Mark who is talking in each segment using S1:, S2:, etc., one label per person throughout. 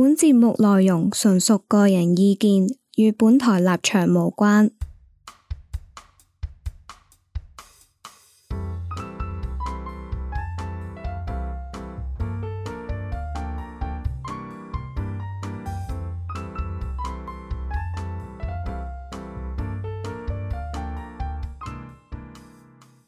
S1: 本節目內容純屬個人意見，與本台立場無關。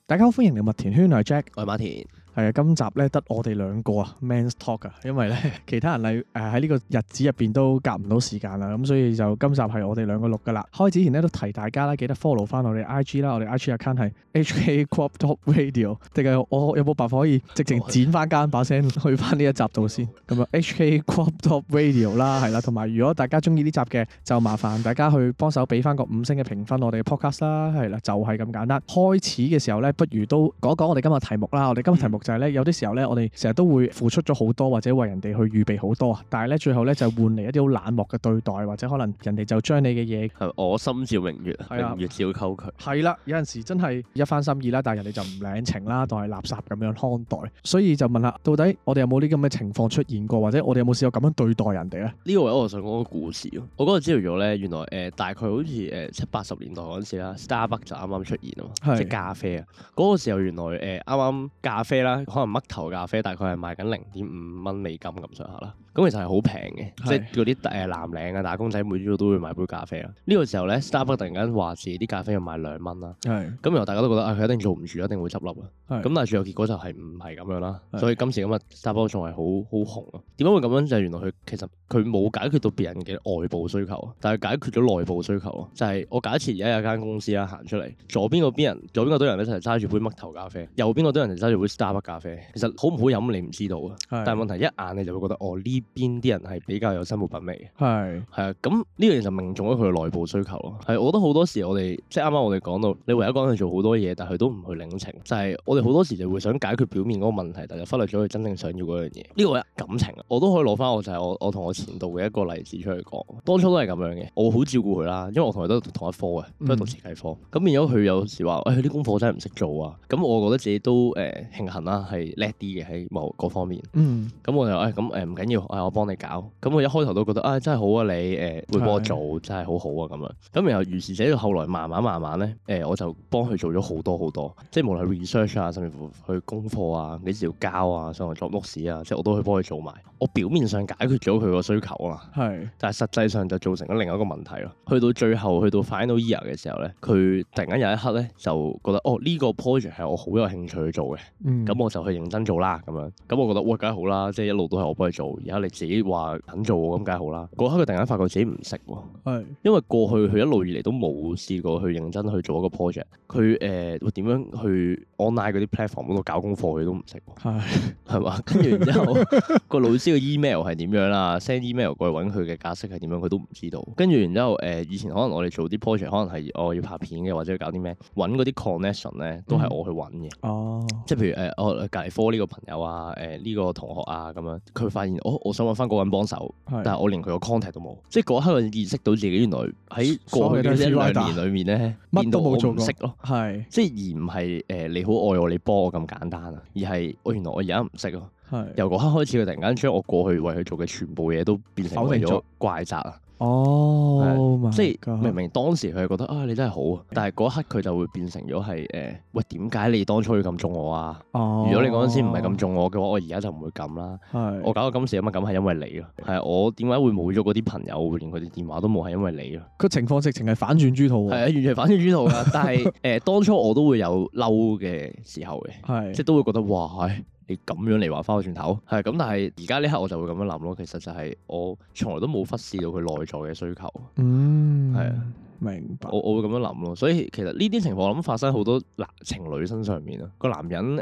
S2: 大家好，歡迎嚟麥田圈內，我係 Jack，我係馬田。係啊，今集咧得我哋兩個啊，Men's Talk 啊，因為咧其他人嚟誒喺呢個日子入邊都夾唔到時間啦，咁所以就今集係我哋兩個錄㗎啦。開始前咧都提大家啦，記得 follow 翻我哋 IG 啦，我哋 IG account 係 HK Crop Top Radio，定係我有冇辦法可以直情剪翻間把聲去翻呢一集度先咁啊？HK Crop Top Radio 啦，係啦，同埋 如果大家中意呢集嘅，就麻煩大家去幫手俾翻個五星嘅評分我哋嘅 podcast 啦，係啦，就係咁簡單。開始嘅時候咧，不如都講講我哋今日題目啦，我哋今日題目。就係咧，有啲時候咧，我哋成日都會付出咗好多，或者為人哋去預備好多啊。但係咧，最後咧就換嚟一啲好冷漠嘅對待，或者可能人哋就將你嘅嘢
S3: 係我心照明月，
S2: 明月照溝渠。係啦，有陣時真係一番心意啦，但係人哋就唔領情啦，當係垃圾咁樣看待。所以就問下，到底我哋有冇啲咁嘅情況出現過，或者我哋有冇試過咁樣對待人哋
S3: 咧？呢個，我我想講個故事。我嗰陣知道咗咧，原來誒、呃、大概好似誒七八十年代嗰陣時啦，Starbucks 就啱啱出現啊嘛，的即咖啡啊。嗰、嗰個時候原來誒啱啱咖啡啦。可能麥頭咖啡大概係賣緊零點五蚊美金咁上下啦。咁其實係好平嘅，是即係嗰啲誒南嶺嘅打工仔每朝都會買杯咖啡啦、啊。呢、這個時候咧，Starbucks 突然間話自己啲咖啡要賣兩蚊啦。係是。咁然後大家都覺得啊，佢一定做唔住，一定會執笠啊。咁是但係最後結果就係唔係咁樣啦、啊。是所以今時今日 Starbucks 仲係好好紅啊。點解會咁樣就係、是、原來佢其實佢冇解決到別人嘅外部需求，但係解決咗內部需求咯。就係、是、我假幾而家有一間公司啦、啊，行出嚟，左邊嗰邊人左邊嗰堆人咧就係揸住杯麥頭咖啡，右邊嗰堆人就揸住杯 Starbucks 咖啡。其實好唔好飲你唔知道啊。是但係問題一眼你就會覺得哦呢。邊啲人係比較有生活品味嘅？係係是啊，咁呢個就命中咗佢嘅內部需求咯。係，我覺得好多時我哋即係啱啱我哋講到，你唯一一個人做好多嘢，但係佢都唔去領情，就係、是、我哋好多時就會想解決表面嗰個問題，但係忽略咗佢真正想要嗰樣嘢。呢、這個係感情啊，我都可以攞翻我就係我我同我前度嘅一個例子出去講，當初都係咁樣嘅。我好照顧佢啦，因為我同佢都讀同一科嘅，都係、嗯、讀設計科。咁變咗佢有時話，誒、哎、啲功課我真係唔識做啊。咁我覺得自己都誒慶幸啦，係、呃啊、叻啲嘅喺某嗰方面。嗯，咁我就誒咁誒唔緊要。哎哎、我幫你搞，咁我一開頭都覺得啊、哎、真係好啊你誒、呃、會幫我做，是真係好好啊咁啊，咁然後於是者到後來慢慢慢慢咧誒、呃、我就幫佢做咗好多好多，即係無論係 research 啊，甚至乎去功課啊，幾時要交啊，上至作 notes 啊，即係我都去幫佢做埋。我表面上解決咗佢個需求啊，係是，但係實際上就造成咗另一個問題咯。去到最後去到 final year 嘅時候咧，佢突然間有一刻咧就覺得哦呢、呢個 project 係我好有興趣去做嘅，咁、嗯、我就去認真做啦咁樣。咁我覺得哇梗係好啦，即係一路都係我幫佢做，而家你自己話肯做咁梗係好啦。嗰、那個、刻佢突然間發覺自己唔識喎，係因為過去佢一路以嚟都冇試過去認真去做一個 project。佢誒會點樣去 online 嗰啲 platform 度搞功課，佢都唔識，係係嘛？跟住然之後 個老師嘅 email 係點樣啦？send email 過去揾佢嘅格式係點樣，佢都唔知道。跟住然之後誒、呃，以前可能我哋做啲 project，可能係我、哦、要拍片嘅，或者搞啲咩揾嗰啲 connection 咧，connect 都係我去揾嘅、
S4: 嗯。
S3: 哦，即係譬如誒、呃，我隔離科呢個朋友啊，誒、呃、呢、這個同學啊咁樣，佢發現我、哦我想揾翻嗰個人幫手，但係我連佢個 contact 都冇，即係嗰一刻我意識到自己原來喺過去嘅一兩年裡面咧，乜都冇做過咯。係，的即係而唔係誒你好愛我，你幫我咁簡單啊，而係我原來我而家唔識咯。係的，由嗰刻開始佢突然間將我過去為佢做嘅全部嘢都變成為咗怪責啊！哦，即係、oh，明明當時佢係覺得啊、哎，你真係好，但係嗰一刻佢就會變成咗係誒，喂點解你當初要咁中我啊
S2: ？Oh. 如果你嗰陣時唔係咁
S3: 中我嘅話，我而家就唔會咁啦。Oh. 我搞到今時咁嘅感係因為你咯，係我點解會冇咗嗰啲朋友，連佢哋電話都冇係因為你咯。
S2: 個情況直情係反轉豬肚，啊，係啊，完全係反轉豬肚㗎。但
S3: 係誒， 呃，當初我都會有嬲嘅時候嘅，即係是都會覺得哇。哎你咁樣嚟話翻個轉頭，係咁，但係而家呢刻我就會咁樣諗咯。其實就係我從來都冇忽視到佢內在嘅需求，
S2: 嗯，係啊。明
S3: 白，我我會咁樣諗咯，所以其實呢啲情況我諗發生好多男情侶身上面啊，個男人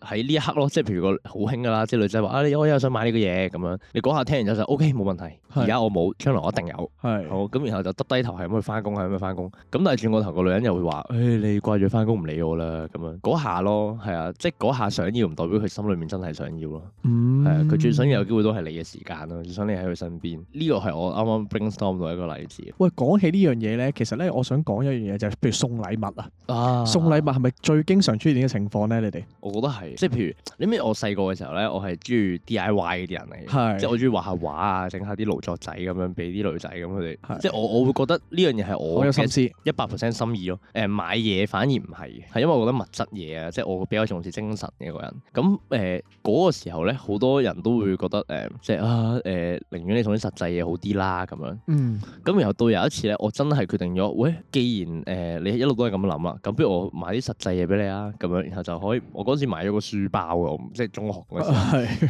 S3: 誒喺呢一刻咯，即係譬如個好興噶啦，即係女仔話啊，你我又想買呢個嘢咁樣，你講下聽完就就 OK 冇問題，而家我冇，將來我一定有，係是好咁然後就耷低頭係咁去翻工，係咁去翻工，咁但係轉過頭個女人又會話誒、欸、你掛住翻工唔理我啦，咁樣嗰下咯，係啊，即係嗰下想要唔代表佢心裏面真係想要咯，係、
S2: 嗯、啊，佢最想
S3: 嘅有機會都係你嘅時間咯，最想你喺佢身邊，呢、這個係我啱啱 brainstorm 到一個例子。
S2: 喂，講起呢樣嘢其實咧，我想講一樣嘢就係、是，譬如送禮物啊，啊，送禮物係咪最經常出現嘅情況咧？你哋
S3: 我覺得係，即係譬如你知唔知我細個嘅時候咧，是我係中意 D I Y 啲人嚟嘅，即係我中意畫下畫啊，整下啲勞作仔咁樣俾啲女仔咁佢哋，是即係我我會覺得呢樣嘢係我好有心思，一百 percent 心意咯。誒、呃、買嘢反而唔係，係因為我覺得物質嘢啊，即係我比較重視精神嘅個人。咁誒嗰個時候咧，好多人都會覺得誒、呃，即係啊誒、呃，寧願你送啲實際嘢好啲啦咁樣。嗯，咁然後到有一次咧，我真係。決定咗，喂，既然誒你一路都係咁諗啦，咁不如我買啲實際嘢俾你啊，咁樣，然後就可以，我嗰陣時買咗個書包嘅，即係中學嗰時，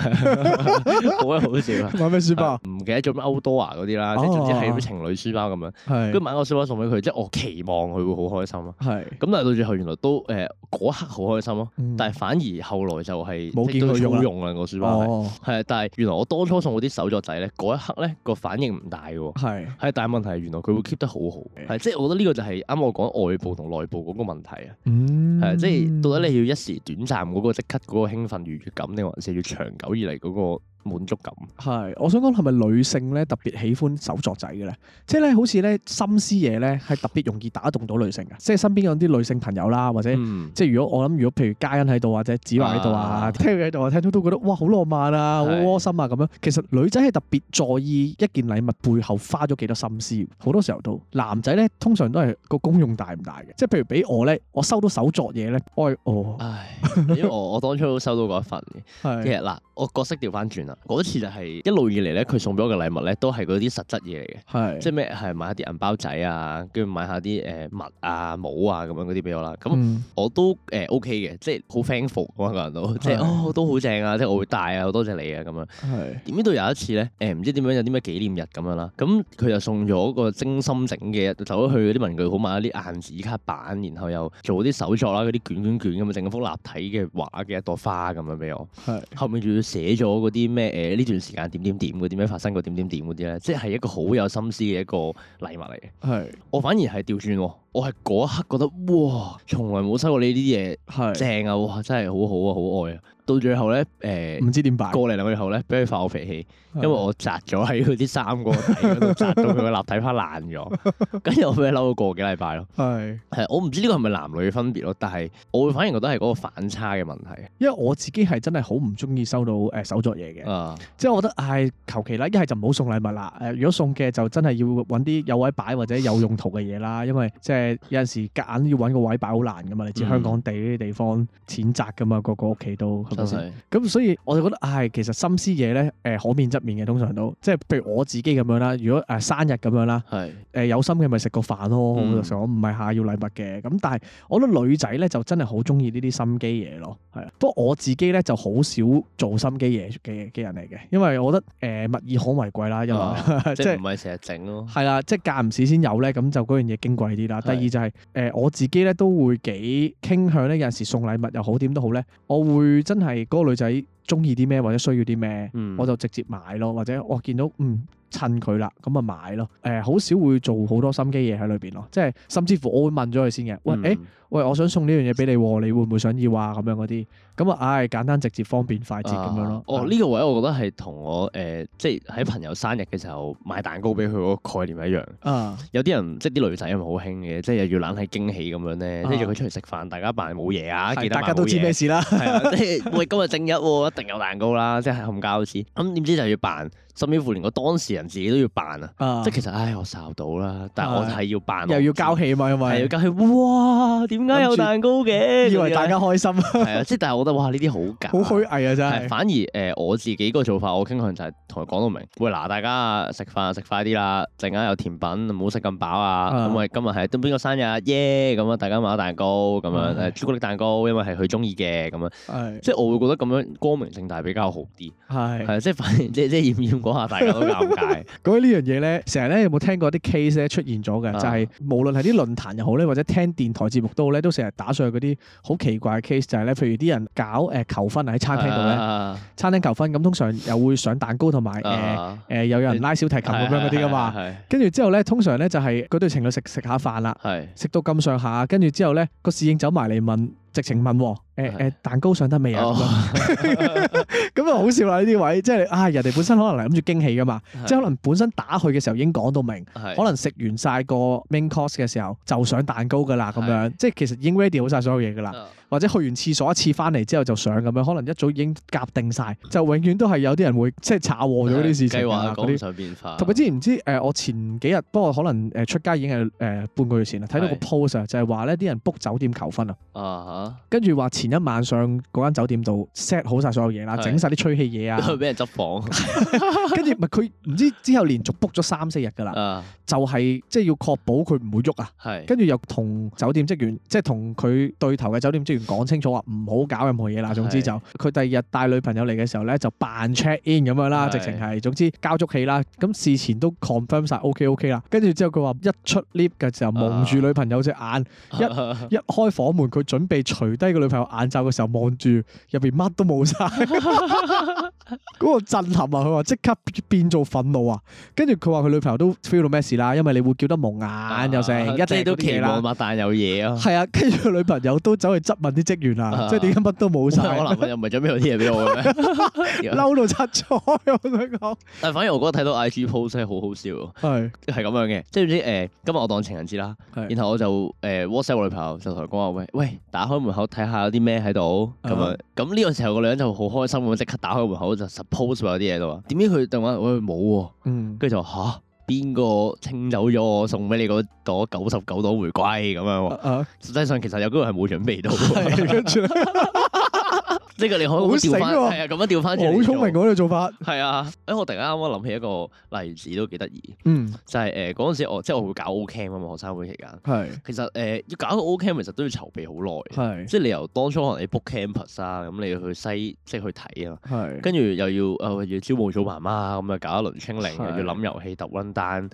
S3: 好鬼好笑啊！買咩書包？唔記得咗咩歐多啊嗰啲啦，即係總之係啲情侶書包咁樣，跟住買個書包送俾佢，即係我期望佢會好開心咯。係，咁但係到最後原來都誒嗰一刻好開心咯，但係反而後來就係冇見到佢用啊，個書包，係啊，但係原來我當初送嗰啲手作仔咧，嗰一刻咧個反應唔大嘅喎，係，但係問題係原來佢會 keep 得好好。係，即係我覺得呢個就係啱啱我講外部同內部嗰個問題啊。係啊、嗯，即係到底你要一時短暫嗰個即刻
S2: 嗰個興奮愉悅感，定還是要長久以嚟嗰、嗰個？滿足感係，我想講係咪女性咧特別喜歡手作仔嘅咧？即係咧好似咧心思嘢咧係特別容易打動到女性嘅，即係身邊有啲女性朋友啦，或者即係如果我諗，如果譬如嘉欣喺度或者子華喺度啊，聽佢喺度話聽到都覺得哇好浪漫啊，好是窩心啊咁樣。其實女仔係特別在意一件禮物背後花咗幾多心思，好多時候都男仔咧通常都係個功用大唔大嘅，即係譬如俾我咧，我收到手作嘢咧愛我，因為
S3: 我我當初都收到嗰一份嘅。是其實嗱，我,我,我角色調翻轉嗰次就係一路以嚟咧，佢送俾我嘅禮物咧，都係嗰啲實質嘢嚟嘅，是即係咩係買下啲銀包仔啊，跟住買下啲誒襪啊、帽啊咁、啊、樣嗰啲俾我啦。咁、嗯、我都誒、呃、OK 嘅，即係好 friendly 啊，個人都即係是哦，都好正啊，即係我會戴啊，好多謝你啊咁樣。點是知到有一次咧，誒、呃、唔知點樣有啲咩紀念日咁樣啦，咁佢就送咗個精心整嘅，走咗去嗰啲文具鋪買咗啲硬紙卡板，然後又做啲手作啦、啊，嗰啲捲卷捲咁樣，成幅立體嘅畫嘅一朵花咁樣俾我。係是後面仲要寫咗嗰啲咩？誒呢、呃、段時間點點點嘅，點樣發生過點點點嗰啲咧，即係一個好有心思嘅一個禮物嚟嘅。係是，我反而係掉轉喎。我係嗰一刻覺得哇，從來冇收過呢啲嘢，是正啊！哇，真係好好啊，好愛啊！到最後咧，誒、呃、唔知點辦？過嚟兩個月後咧，俾佢發我脾氣，是因為我扎咗喺佢啲衫個底度，扎到佢個立體花爛咗。跟住我俾佢嬲咗個幾禮拜咯。係我唔知呢個係咪男女分別咯，但係我會反而覺得係嗰個反差嘅問題。
S2: 因為我自己係真係好唔中意收到誒手作嘢嘅，即係、啊、我覺得唉，求其啦，一係就唔好送禮物啦。誒、呃，如果送嘅就真係要揾啲有位擺或者有用途嘅嘢啦，因為即係。有陣時夾硬要搵個位擺好難噶嘛，你知、嗯、香港地呢啲地方淺窄噶嘛，個個屋企都，咁所以我就覺得，唉、啊，其實心思嘢咧，誒可免則免嘅通常都，即、就、係、是、譬如我自己咁樣啦，如果誒、啊、生日咁樣啦，誒是、呃、有心嘅咪食個飯咯，嗯、我唔係下要禮物嘅，咁但係我覺得女仔咧就真係好中意呢啲心機嘢咯，係啊，不過我自己咧就好少做心機嘢嘅嘅人嚟嘅，因為我覺得誒、呃、物以罕為貴啦，因為哇 即係唔係成日整咯，係啦，即係間唔時先有咧，咁就嗰樣嘢矜貴啲啦。就是對第二就係、是、誒、呃、我自己咧都會幾傾向咧，有陣時送禮物又好點都好咧，我會真係嗰、那個女仔中意啲咩或者需要啲咩，嗯、我就直接買咯，或者我見到嗯襯佢啦，咁啊買咯，誒、呃、好少會做好多心機嘢喺裏邊咯，即係甚至乎我會問咗佢先嘅，喂誒、嗯。喂，我想送呢樣嘢俾你，你會唔會想要啊？咁樣嗰啲，咁啊，唉、哎，簡單直接、方便快捷咁樣咯、啊。哦，
S3: 呢、呢個位我覺得係同我誒、呃，即係喺朋友生日嘅時候買蛋糕俾佢嗰個概念一樣。啊、有啲人即係啲女仔，因為好興嘅，即係又要冷起驚喜咁樣咧，啊、即係約佢出嚟食飯，大家扮冇嘢啊，見大家都知咩事啦。啊、 即係喂，今日正日、啊，一定有蛋糕啦、啊，即係冚家都知。咁點知就要扮，甚至乎連個當事人自己都要扮啊。即係其實唉、哎，我受到啦，但係我係要扮。又要交氣嘛，係咪？係要交氣，哇！點解有蛋糕嘅？以為大家開心啊？係啊， 即係但係我覺得哇，呢啲好假，好虛偽啊！真係。反而誒，我自己個做法，我傾向就係同佢講到明。喂嗱，大家食飯食快啲啦，陣間有甜品，唔好食咁飽啊。咁喂、啊，今日係都邊個生日耶？咁啊，大家買蛋糕咁樣誒，哎、朱古力蛋糕，因為係佢中意嘅咁樣。哎、即係我會覺得咁樣光明正大比較好啲。係、哎是。即係反而即即掩掩講下大家都尷
S2: 尬。講起呢樣嘢咧，成日咧有冇聽過啲 case 咧出現咗嘅？啊、就係無論係啲論壇又好咧，或者聽電台節目都。咧都成日打上去嗰啲好奇怪嘅 case，就係咧，譬如啲人搞誒求婚喺餐廳度咧，餐廳求婚咁通常又會上蛋糕同埋誒誒，又有人拉小提琴咁樣嗰啲噶嘛，跟住之後咧，通常咧就係嗰對情侶食食下飯啦，食到咁上下，跟住之後咧個侍應走埋嚟問。直情問誒誒，欸欸，蛋糕上得未啊咁樣。咁啊好笑啦呢啲位，即係啊人哋本身可能嚟諗住驚喜噶嘛。 即係可能本身打去嘅時候已經講到明， 可能食完晒個 main course 嘅時候就上蛋糕噶啦咁樣， 即係其實已經 ready 好晒所有嘢噶啦。Oh. 或者去完廁所一次翻嚟之後就上咁樣，可能一早已經夾定晒，就永遠都係有啲人會即係炒鑊咗啲事情。計劃趕唔上
S3: 變化。同埋
S2: 之前唔知誒、呃，我前幾日不過可能誒出街已經係誒、呃、半個月前啦，睇到個 post 是就係話呢啲人 book 酒店求婚啊。跟住話前一晚上嗰間酒店度 set 好晒所有嘢啦，整晒啲吹氣嘢啊。俾人執房。跟住咪佢唔知之後連續 book 咗三四日㗎啦，uh huh. 就係即係要確保佢唔會喐啊。Uh huh. 跟住又同酒店職員，即係同佢對頭嘅酒店職員。講清楚話唔好搞任何嘢啦。是總之就佢第二日帶女朋友嚟嘅時候咧，就扮 check in 咁樣啦，直情係總之交足氣啦。咁事前都 confirm 晒 OK OK 啦。跟住之後佢話一出 lift 嘅時候蒙住女朋友隻眼，uh. 一一開房門，佢準備除低個女朋友眼罩嘅時候，望住入邊乜都冇晒。嗰 個震撼啊！佢話即刻變做憤怒啊！跟住佢話佢女朋友都 feel 到咩事啦，因為你會叫得蒙眼又成，uh. 一都到期望物
S3: 但有嘢咯。係
S2: 啊，跟住佢女朋友都走去執物。啲職員啊，啊即係點解乜都冇晒？我男朋
S3: 友唔係準備有啲嘢俾我嘅咩？
S2: 嬲到七彩，我同佢講。
S3: 但係反而我覺得睇到 IG post 真係好好笑。係係咁樣嘅，即係啲誒，今日我當情人節啦，是然後我就誒、呃、WhatsApp 我女朋友就，就同佢講話喂喂，打開門口睇下有啲咩喺度咁樣。咁呢個時候個女人就好開心咁，即刻打開門口就 suppose 有啲嘢咯。點知佢突然話喂冇喎，啊、嗯，跟住就吓。邊個清走咗我送俾你嗰朵九十九朵玫瑰咁樣？Uh, uh. 實際上，其實有嗰個係冇準備到。 呢個你可以調翻，係啊，咁樣調翻轉。好聰
S2: 明嗰個做法。
S3: 係啊，誒，我突然間啱啱諗起一個例子都幾得意。
S2: 嗯，
S3: 就係誒嗰陣時我，即係我會搞 O camp 啊嘛，學生會期間。係。其實誒要搞個 O camp 其實都要籌備好耐。即係你由當初可能你 book campus 啊，咁你要去西，即係去睇啊。跟住又要誒要招募組媽媽，咁又搞一輪清零，又要諗遊戲揼單，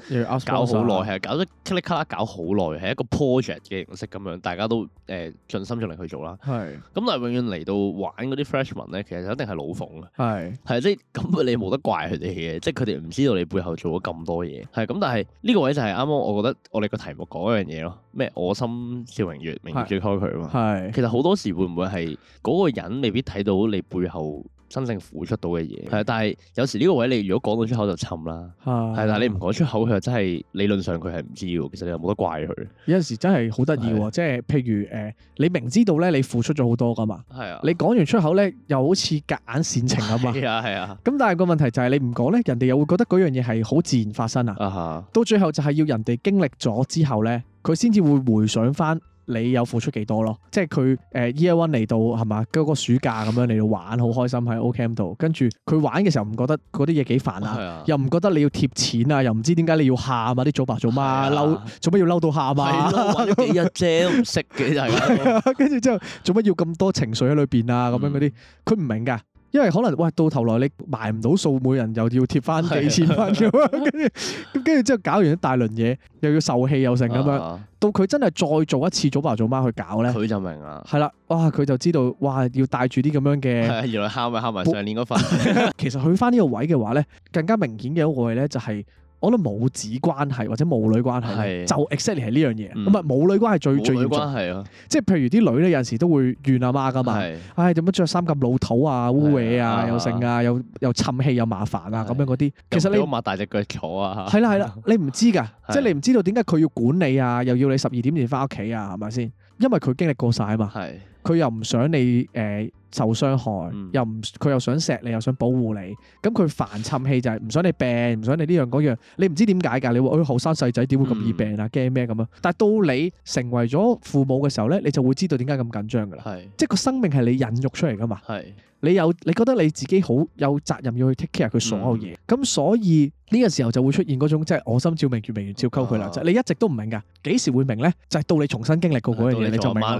S3: 搞好耐係，搞得卡力卡啦搞好耐，係一個 project 嘅形式咁樣，大家都誒盡心盡力去做啦。係。咁但係永遠嚟到玩啲 freshman 咧，其實就一定係老馮嘅，係係即係咁，你冇得怪佢哋嘅，即係佢哋唔知道你背後做咗咁多嘢，係咁，但係呢個位就係啱啱，我覺得我哋個題目講一樣嘢咯，咩我心照明月，明月照開佢啊嘛，係其實好多時會唔會係嗰個人未必睇到你背後。真正付出到嘅嘢，係啊、嗯，但係有時呢個位你如果講到出口就沉啦，係、啊，係，但你唔講出口，佢又真係理論上佢係唔知嘅，其實你又冇得怪佢。有
S2: 陣時真係好得意喎，即係的譬如誒、呃，你明知道咧，你付出咗好多噶嘛，係啊的，你講完出口咧，又好似隔硬煽情咁嘛，係啊，係啊，咁但係個問題就係你唔講咧，人哋又會覺得嗰樣嘢係好自然發生啊哈，到最後就係要人哋經歷咗之後咧，佢先至會回想翻。你有付出幾多咯？即係佢誒 Year One 嚟到係嘛？嗰、嗰個暑假咁樣嚟到玩，好開心喺 Ocamp 度。跟住佢玩嘅時候唔覺得嗰啲嘢幾煩啊，啊又唔覺得你要貼錢啊，又唔知點解你要喊啊？啲祖爸祖媽嬲，做乜要嬲到喊啊？係咯、啊啊啊，玩咗幾日啫，都唔識嘅係。跟住之後做乜要咁多情緒喺裏邊啊？咁樣嗰啲佢唔明㗎。因為可能哇，到頭來你埋唔到數，每人又要貼翻幾千蚊咁樣，跟住跟住之後搞完一大輪嘢，又要受氣又成咁樣。啊、到佢真係再做一次早爸早媽去搞咧，佢就明啦。係啦，哇，佢就知道哇，要帶住啲咁樣嘅。
S3: 原來喊咪喊埋上年嗰份。
S2: 其實去翻呢個位嘅話咧，更加明顯嘅一個位咧就係、是。我諗母子關係或者母女關係，就 exactly 係呢樣嘢。咁啊母女關係最最嚴重關係咯，即係譬如啲女咧，有陣時都會怨阿媽噶嘛。唉，點解着衫咁老土啊，污嘢啊，又剩啊，又又沉氣又麻煩啊，咁樣嗰啲。其實你都
S3: 大隻腳坐啊。係啦係
S2: 啦，你唔知噶，即係你唔知道點解佢要管你啊，又要你十二點前翻屋企啊，係咪先？因為佢經歷過晒啊嘛。係，佢又唔想你誒。受傷害，又唔佢又想錫你，又想保護你，咁佢煩惱氣就係唔想你病，唔想你呢樣嗰樣，你唔知點解㗎？你話啲後生細仔點會咁、哎、易病啊？驚咩咁啊？但係到你成為咗父母嘅時候咧，你就會知道點解咁緊張㗎啦。係是，即係個生命係你孕育出嚟㗎嘛。係是，你有你覺得你自己好有責任要去 take care 佢所有嘢，咁、嗯、所以。呢個時候就會出現嗰種即係我心照明，明照，越明越照溝渠啦。你一直都唔明噶，幾時會明咧？就係、是、到你重新經歷過嗰樣嘢你就明啦。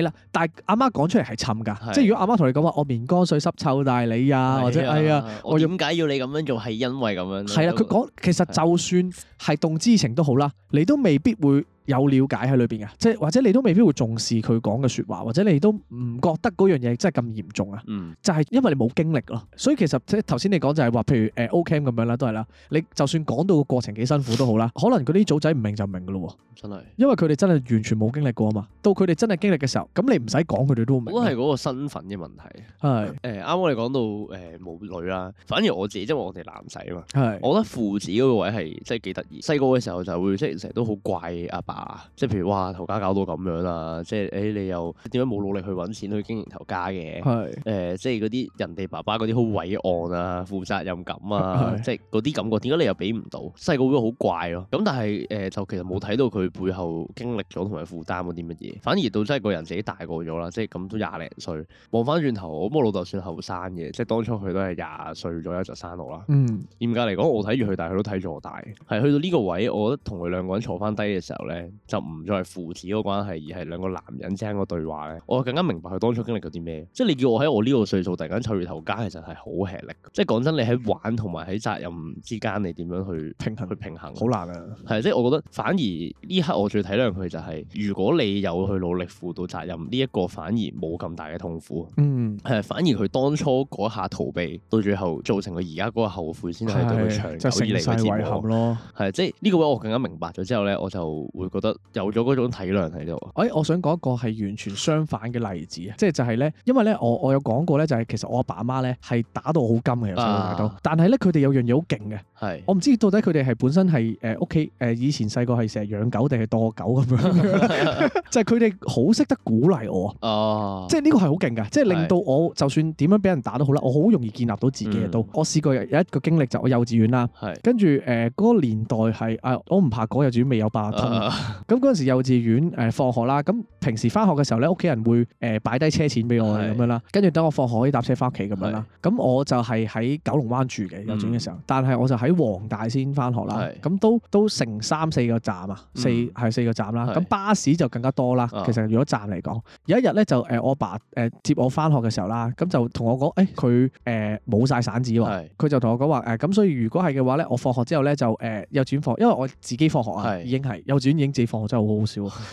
S2: 啦、嗯，但係阿媽講出嚟係沉噶，是的 即係如果阿媽同你講話，我眠乾睡濕湊大你啊，或者係啊，我點
S3: 解要你咁樣做係因為咁樣？係啦，佢講
S2: 其實就算係動之以情都好啦，你都未必會有了解喺裏邊噶，即係或者你都未必會重視佢講嘅説話，或者你都唔覺得嗰樣嘢真係咁嚴重啊。嗯、就係因為你冇經歷咯，所以其實即係頭先你講就係話，譬如誒 O K M 咁樣啦，都係啦。嗯嗯。你就算講到個過程幾辛苦都好啦，可能佢啲組仔唔明就明噶咯喎。真係，因為佢哋真係完全冇經歷過啊嘛。到佢哋真係經歷嘅時候，咁你唔使講佢哋都明白。都係
S3: 嗰個身份嘅問題。
S2: 係是。
S3: 誒啱啱你講到誒母、呃、女啦，反而我自己，因為我哋男仔啊嘛。係是。我覺得父子嗰個位係即係幾得意。細個嘅時候就會即係成日都好怪阿爸，爸，即係譬如哇頭家搞到咁樣啦，即係誒、欸、你又點解冇努力去揾錢去經營頭家嘅？係是。誒、呃、即係嗰啲人哋爸爸嗰啲好偉岸啊，負責任感啊，即係嗰啲咁。是我點解你又俾唔到？細個會好怪咯、啊。咁但係誒、呃，就其實冇睇到佢背後經歷咗同埋負擔嗰啲乜嘢。反而到真係個人自己大個咗啦，即係咁都廿零歲。望翻轉頭，我老豆算後生嘅，即係當初佢都係廿歲左右就生我啦。嗯，嚴格嚟講，我睇住佢，但係佢都睇住我大。係去到呢個位，我覺得同佢兩個人坐翻低嘅時候咧，就唔再係父子嗰個關係，而係兩個男人之間個對話咧。我更加明白佢當初經歷過啲咩。即係你叫我喺我呢個歲數突然間湊住頭家，其實係好吃力。即係講真，你喺玩同埋喺責任間嚟點樣去平衡？去平衡好難啊！係即係我覺得反而呢刻我最體諒佢就係，如果你有去努力負到責任，呢、這、一個反而冇咁大嘅痛苦。嗯，係反而佢當初嗰下逃避，到最後造成佢而家嗰個後悔，先係對佢長久以嚟嘅折磨咯。係即係呢個位我更加明白咗之後咧，我就會覺得有咗嗰種體諒喺度。
S2: 哎、欸，我想講一個係完全相反嘅例子啊，即係就係、是、咧，因為咧我我有講過咧，就係其實我阿爸阿媽咧係打到好甘嘅，啊、呢有細但係咧佢哋有樣嘢好勁嘅。係，我唔知到底佢哋係本身係誒屋企誒以前細個係成日養狗定係當個狗咁樣，就係佢哋好識得鼓勵我，
S3: 哦，即係呢個
S2: 係好勁嘅，即係令到我就算點樣俾人打都好啦，我好容易建立到自己嘅。都。我試過有一個經歷就我幼稚園啦，係，跟住誒嗰個年代係啊，我唔怕嗰幼稚園未有八達通，咁嗰陣時幼稚園誒放學啦，咁平時返學嘅時候咧，屋企人會誒擺低車錢俾我咁樣啦，跟住等我放學可以搭車返屋企咁樣啦，咁我就係喺九龍灣住嘅幼稚園嘅時候，但係我就喺喺黃大仙翻學啦，咁是都都成三四個站啊，嗯、四係四個站啦，啊。咁是巴士就更加多啦。哦，其實如果站嚟講，有一日咧就誒、呃，我爸誒、呃、接我翻學嘅時候啦，咁、嗯、就同我講，誒佢誒冇晒散紙喎，哦，佢是就同我講話，誒、呃、咁所以如果係嘅話咧，我放學之後咧就誒幼稚園放學，因為我自己放學啊，是已經係幼稚園已經自己放學，真係好好笑，啊。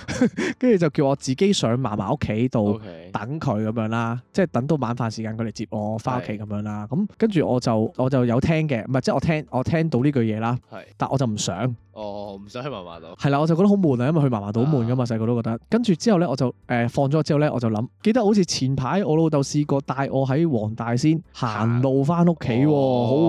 S2: 跟住是 就叫我自己上嫲嫲屋企度等佢咁 Okay. 樣啦，即係等到晚飯時間佢嚟接我翻屋企咁樣啦。咁是、嗯、跟住我就我就有聽嘅，唔係即係我聽我聽。聽到呢句嘢啦，係但我就唔想。
S3: 哦，唔想去嫲嫲度，係
S2: 啦，我就覺得好悶啊，因為去嫲嫲度好悶噶嘛，細個都覺得。跟住之後咧，我就誒放咗之後咧，我就諗，記得好似前排我老豆試過帶我喺黃大仙行路翻屋企，好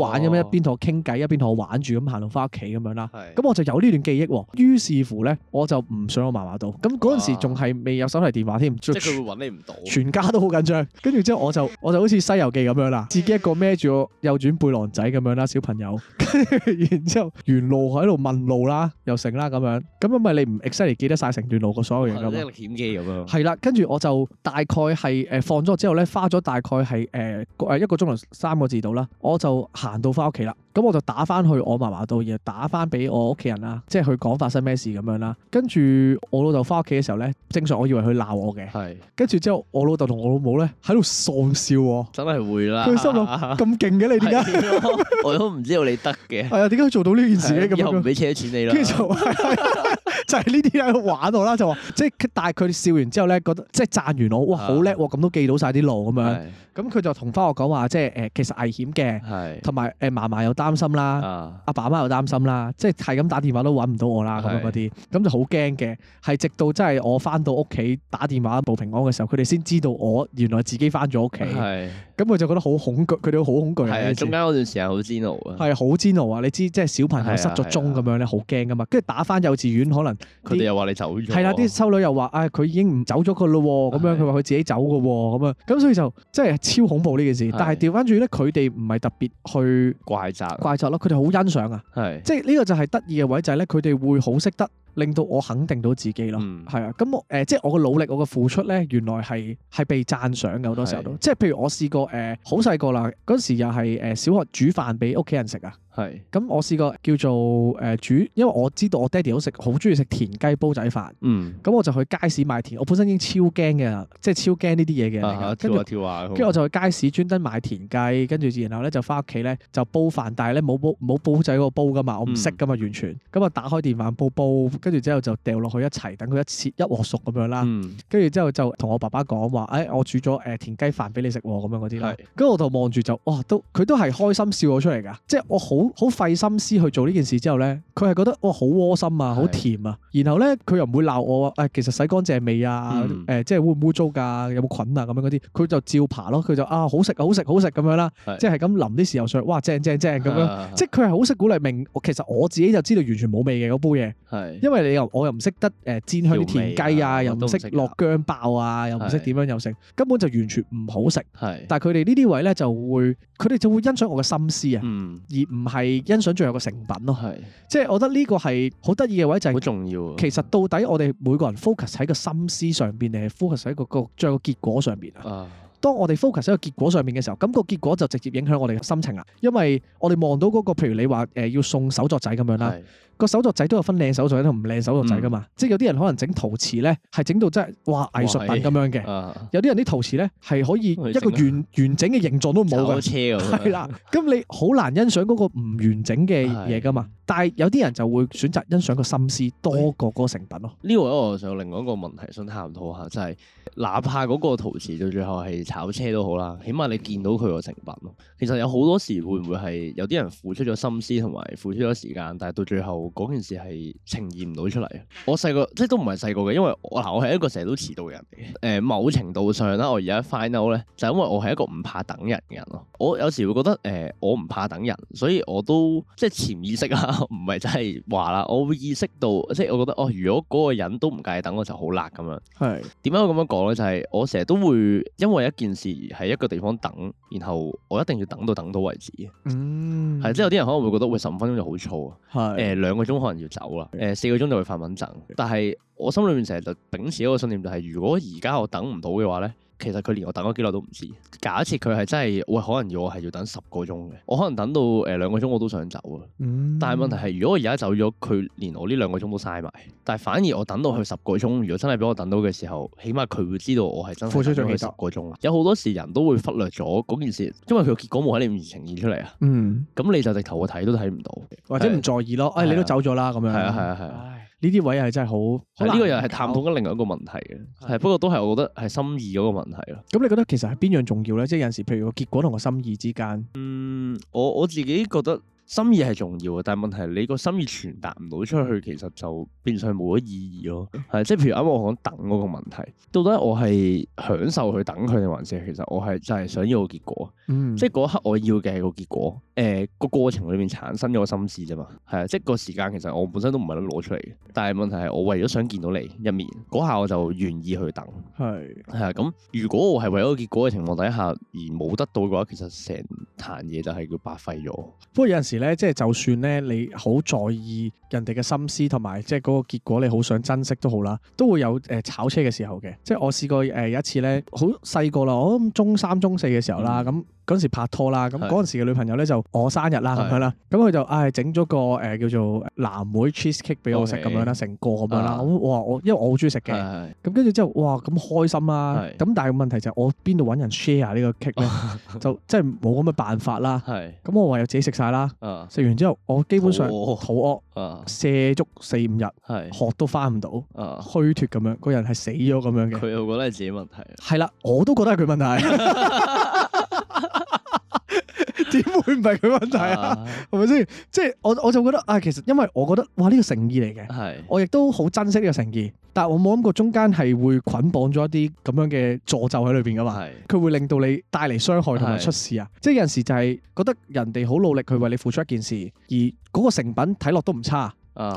S2: 玩咁樣，一邊同我傾偈，一邊同我玩住咁行路翻屋企咁樣啦。咁我就有呢段記憶。於是乎咧，我就唔想去嫲嫲度。咁嗰陣時仲係未有手提電話添，即係佢會揾你唔到，全家都好緊張。跟住之後我就我就好似西遊記咁樣啦，自己一個孭住個右轉背囊仔咁樣啦，小朋友。跟住然之後沿路喺度問路。路啦，又成啦咁樣，咁咪咪你唔 exactly 記得晒成段路個所有嘢噶嘛？即係
S3: 險咁咯。係
S2: 啦樂，跟住我就大概係誒、呃、放咗之後咧，花咗大概係誒誒一個鐘頭三個字到啦，我就行到翻屋企啦。咁我就打翻去我嫲嫲度，又打翻俾我屋企人啦，即係佢講發生咩事咁樣啦。跟住我老豆翻屋企嘅時候咧，正常我以為佢鬧我嘅，係是。跟住之後我老豆同我老母咧喺度喪笑我，真
S3: 係會啦。佢心諗
S2: 咁勁嘅你點解？
S3: 我都唔知道你得嘅。係啊， 點
S2: 解做到呢件事嘅咁樣？以後唔俾
S3: 車錢你啦。跟住
S2: 就 就係呢啲喺度玩我啦，就話即係但係佢笑完之後咧，覺得即係贊完我，哇好叻喎，咁、啊、都記到晒啲路咁、啊、樣，咁佢是就同返我講話，即係誒其實危險嘅，同埋誒嫲嫲又擔心啦，阿爸媽，媽又擔心啦，啊、心啦即係係咁打電話都揾唔到我啦咁樣嗰啲，咁是就好驚嘅。係直到真係我翻到屋企打電話報平安嘅時候，佢哋先知道我原來自己翻咗屋企。咁佢就覺得好恐懼，佢哋好恐懼啊！係啊，中間
S3: 嗰段時間好煎熬啊，
S2: 係啊好煎熬啊！Ino, 你知即係小朋友失咗蹤咁樣咧，好驚噶嘛，跟住打翻幼稚園可能佢哋又
S3: 話你走咗，係啦，
S2: 啲修女又話啊，佢、哎、已經唔走咗佢咯，咁樣佢話佢自己走噶喎，咁啊，咁所以就即係超恐怖呢件事。的但係調翻轉咧，佢哋唔係特別去怪責怪責咯，佢哋好欣賞啊，係即係呢個就係得意嘅位就係咧，佢哋會好識得。令到我肯定到自己咯，係啊、嗯，咁我誒、呃、即係我嘅努力，我嘅付出咧，原來係係被讚賞嘅好多時候都，是的 即係譬如我試過誒好細個啦，嗰、呃、時又係誒小學煮飯俾屋企人食啊。係，咁我試過叫做誒煮，因為我知道我爹哋好食，好中意食田雞煲仔飯。嗯，咁我就去街市買田。我本身已經超驚嘅，即係超驚呢啲嘢嘅。啊，跳下跳
S3: 下。跟住我就去
S2: 街市專登買田雞，跟住然後咧就翻屋企咧就煲飯，但係咧冇煲冇煲仔嗰個煲噶嘛，我唔識噶嘛，完全。咁啊打開電飯煲煲，跟住之後就掉落去一齊，等佢一切一鑊熟咁樣啦。跟住之後就同我爸爸講話，誒我煮咗誒田雞飯俾你食咁樣嗰啲。跟住我就望住就哇都佢都係開心笑咗出嚟㗎，即係我好。好費心思去做呢件事之後咧，佢係覺得哇好窩心啊，好甜啊，然後咧佢又唔會鬧我啊，誒其實洗乾淨未啊？誒即係污唔污糟噶？有冇菌啊？咁樣嗰啲，佢就照扒咯，佢就啊好食好食好食咁樣啦，即係咁淋啲豉油上，哇正正正咁樣，即係佢係好識鼓勵明。其實我自己就知道完全冇味嘅嗰煲嘢，係，因為你又我又唔識得誒煎香啲田雞啊，又唔識落薑爆啊，又唔識點樣又食，根本就完全唔好食。係，但係佢哋呢啲位咧就會，佢哋就會欣賞我嘅心思啊，而唔。係欣賞最後個成品咯，是即係我覺得呢個係好得意嘅位就係、是，好重要其實，到底我哋每個人 focus 喺個心思上邊定係 focus 喺個最後個結果上邊啊？當我哋 focus 喺個結果上面嘅、啊、時候，咁、那個結果就直接影響我哋嘅心情啦。因為我哋望到嗰、那個，譬如你話誒、呃、要送手作仔咁樣啦。個手作仔都有分靚手作同唔靚手作仔噶嘛，嗯、即係有啲人可能整陶瓷咧，係整到真係哇藝術品咁樣嘅；啊、有啲人啲陶瓷咧係可以一個完完整嘅形狀都冇嘅，係啦的。咁 你好難欣賞嗰個唔完整嘅嘢噶嘛，是的 但係有啲人就會選擇欣賞個心思多過嗰個成品咯。呢、
S3: 呢個我想另外一個問題想探討下，就係、是、哪怕嗰個陶瓷到最後係炒車都好啦，起碼你見到佢個成品咯。其實有好多時會唔會係有啲人付出咗心思同埋付出咗時間，但係到最後，嗰件事係呈現唔到出嚟。我細個即係都唔係細個嘅，因為我嗱我係一個成日都遲到嘅人嚟嘅。誒、呃、某程度上啦，我而家 find out 咧，就因為我係一個唔怕等人嘅人咯。我有時會覺得誒、呃、我唔怕等人，所以我都即係潛意識啦，唔係真係話啦，我會意識到即係我覺得哦，如果嗰個人都唔介意等我就好辣咁樣。係點解我咁樣講咧？就係、是、我成日都會因為一件事而喺一個地方等。然後我一定要等到等到為止，係、嗯、即係有啲人可能會覺得會十五分鐘就好燥，誒兩是、呃、個鐘可能要走啦，誒、呃、四個鐘就會發穩整。但係我心裏面成日就秉持一個信念，就係如果而家我等唔到嘅話咧。其實佢連我等咗幾耐都唔知。假設佢係真係，喂，可能我係要等十個鐘嘅，我可能等到誒兩個鐘我都想走啊。
S5: 但係問題係，
S3: 如果我而家走咗，佢連我呢兩個鐘都嘥埋。但係反而我等到佢十個鐘，如果真係俾我等到嘅時候，起碼佢會知道我係真係付出咗佢十個鐘啊。有好多時人都會忽略咗嗰件事，因為佢結果冇喺你面前呈現出嚟啊。嗯。咁你就直頭我睇都睇唔到，或者唔在意咯。哎，你都走
S2: 咗啦，咁樣。係啊，係啊，係。呢啲位係真係好，呢是個又係探討
S3: 緊另外一個問題，是的係，不過都係我覺得係心意嗰個問題。
S2: 咁你覺得其實係邊樣重要呢？即係有時譬如個結果同個心意之間，嗯，
S3: 我我自己覺得。心意係重要嘅，但係問題你個心意傳達唔到出去，其實就變相冇咗意義咯。係即係譬如啱啱我講等嗰個問題，到底我係享受去等佢定還是其實我係真係想要個結果？嗯、即係嗰刻我要嘅係個結果。誒、呃，個過程裏面產生咗個心思啫嘛。係啊，即係個時間其實我本身都唔係諗攞出嚟嘅，但係問題係我為咗想見到你一面，嗰下我就願意去等。
S2: 係
S3: 係啊，咁如果我係為咗個結果嘅情況底下而冇得到嘅話，其實成壇嘢就係叫白費咗。
S2: 不過有陣時。即係就算咧，你好在意人哋嘅心思，同埋即係嗰個結果，你好想珍惜都好啦，都會有誒、呃、炒車嘅時候嘅。即係我試過誒有、呃、一次咧，好細個啦，我諗中三中四嘅時候啦，咁、嗯。嗯嗰時拍拖啦，咁嗰陣時嘅女朋友咧就我生日啦，咁樣啦，咁佢就唉整咗個誒叫做藍莓 cheese cake 俾我食咁樣啦，成個咁樣啦，我話我因為我好中意食嘅，咁跟住之後哇咁開心啦，咁但係問題就係我邊度搵人 share 呢個 cake 咧，就真係冇咁嘅辦法啦，咁我唯有自己食晒啦，
S3: 食
S2: 完之後我基本上肚屙，瀉足四五日，係，學都返唔到，虛脫咁樣，個人係死咗咁樣嘅，佢又覺得係自己問題，係啦，我都覺得係佢問題。點會唔係佢問題啊？係咪先？即係我我就覺得啊，其實因為我覺得哇，呢個誠意嚟嘅，是我亦都好珍惜呢個誠意。但係我冇諗過中間係會捆綁咗一啲咁樣嘅助咒喺裏邊噶嘛？佢，是會令到你帶嚟傷害同埋出事啊！是即係有陣時就係覺得人哋好努力去為你付出一件事，而嗰個成品睇落都唔差啊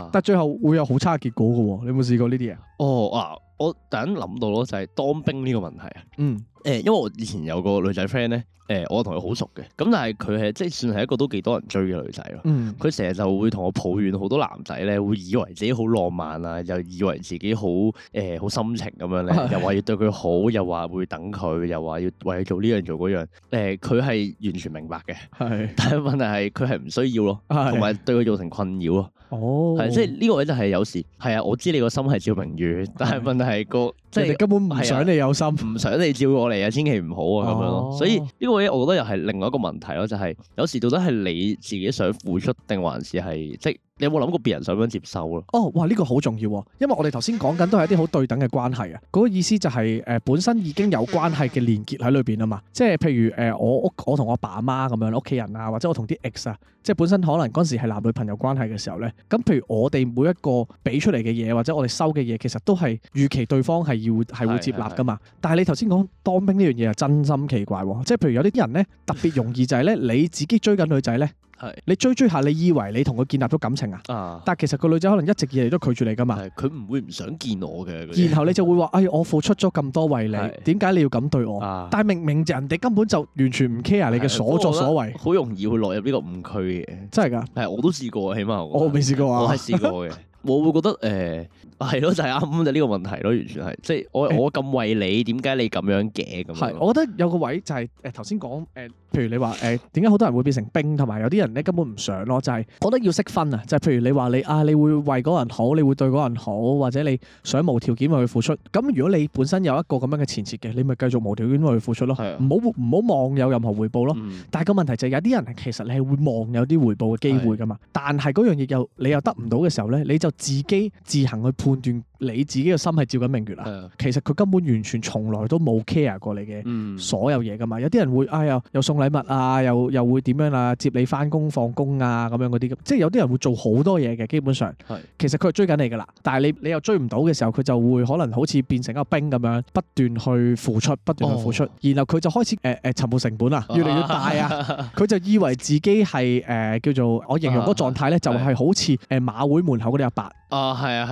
S2: ，uh, 但係最後會有好差嘅結果噶。你有冇試過呢啲啊？哦啊！我
S3: 突然諗到咯，就係、是、當兵呢個問題啊。嗯。誒，因為我以前有個女仔 friend 咧，誒，我同佢好熟嘅，咁但係佢係即係算係一個都幾多人追嘅女仔咯。佢成日就會同我抱怨好多男仔咧，會以為自己好浪漫啊，又以為自己好誒好深情咁樣咧，又話要對佢好，又話會等佢，又話要為佢做呢樣做嗰樣。佢、呃、係完全明白嘅，係是。但係問題係佢係唔需要咯，同埋是對佢造成困擾咯。哦。係，即係呢個位就係有時。係啊，我知你個心係照明月，但係問題係個是即係是根本唔想你有心，唔、啊、想你照我。嚟啊，千祈唔好啊，咁樣咯，oh。所以呢、呢個咧，我覺得又係另外一個問題咯、啊，就係、是、有時到底係你自己想付出，定還是係即？你有冇諗過別人想點樣接收咯？
S2: 哦，哇！呢、這個好重要，因為我哋頭先講緊都係一啲好對等嘅關係啊。嗰、那個意思就係、是、誒、呃，本身已經有關係嘅連結喺裏邊啊嘛。即係譬如誒、呃，我屋我同我爸媽咁樣屋企人啊，或者我同啲 ex 啊，即係本身可能嗰時係男女朋友關係嘅時候咧。咁譬如我哋每一個俾出嚟嘅嘢，或者我哋收嘅嘢，其實都係預期對方係要係會接納㗎嘛。是是是是，但係你頭先講當兵呢樣嘢係真心奇怪，啊、即係譬如有啲人咧 特別容易就係咧你自己追緊女仔咧。係你追追下，你以為你同佢建立咗感情啊？但係其實個女仔可能一直以嚟都拒絕你㗎嘛。佢唔
S3: 會唔想見我嘅。然後
S2: 你就會話，哎，我付出咗咁多為你，點解是的 你要咁對我？啊、但係明明人哋根本就完全唔 care 你嘅所作所為。
S3: 好容易會落入呢個誤區嘅，真係㗎。係我都試過，起碼我未試過啊，我係試過嘅。 我會覺得誒係咯，就係啱啱就呢個問題咯，完全係即係我、欸、我咁為你，點解你咁樣嘅咁？係我覺得
S2: 有個位就係誒頭先講誒，譬如你話誒點解好多人會變成兵，同埋有啲人咧根本唔想咯，就係、是、覺得要識分啊！就係、是、譬如你話你啊，你會為嗰個人好，你會對嗰個人好，或者你想無條件去付出。咁如果你本身有一個咁樣嘅前設嘅，你咪繼續無條件去付出咯，唔好唔好望有任何回報咯。嗯、但係個問題就係、是、有啲人其實你係會望有啲回報嘅機會噶嘛，是的 但係嗰樣嘢又你又得唔到嘅時候咧，你就。自己自行去判斷。你自己嘅心係照緊明月啦， 其實佢根本完全從來都冇 care 過你嘅所有嘢噶嘛。有啲人會哎呀，又送禮物啊，又又會點樣啊，接你翻工放工啊，咁樣嗰啲。即係有啲人會做好多嘢嘅。基本上，其實佢係追緊你噶啦，但係你你又追唔到嘅時候，佢就會可能好似變成一個兵咁樣，不斷去付出，不斷去付出，然後佢就開始誒誒、呃、沉沒成本啊，越嚟越大啊。佢、啊、就以為自己係誒、呃、叫做我形容嗰狀態咧，就係好似誒馬會門口嗰啲阿伯。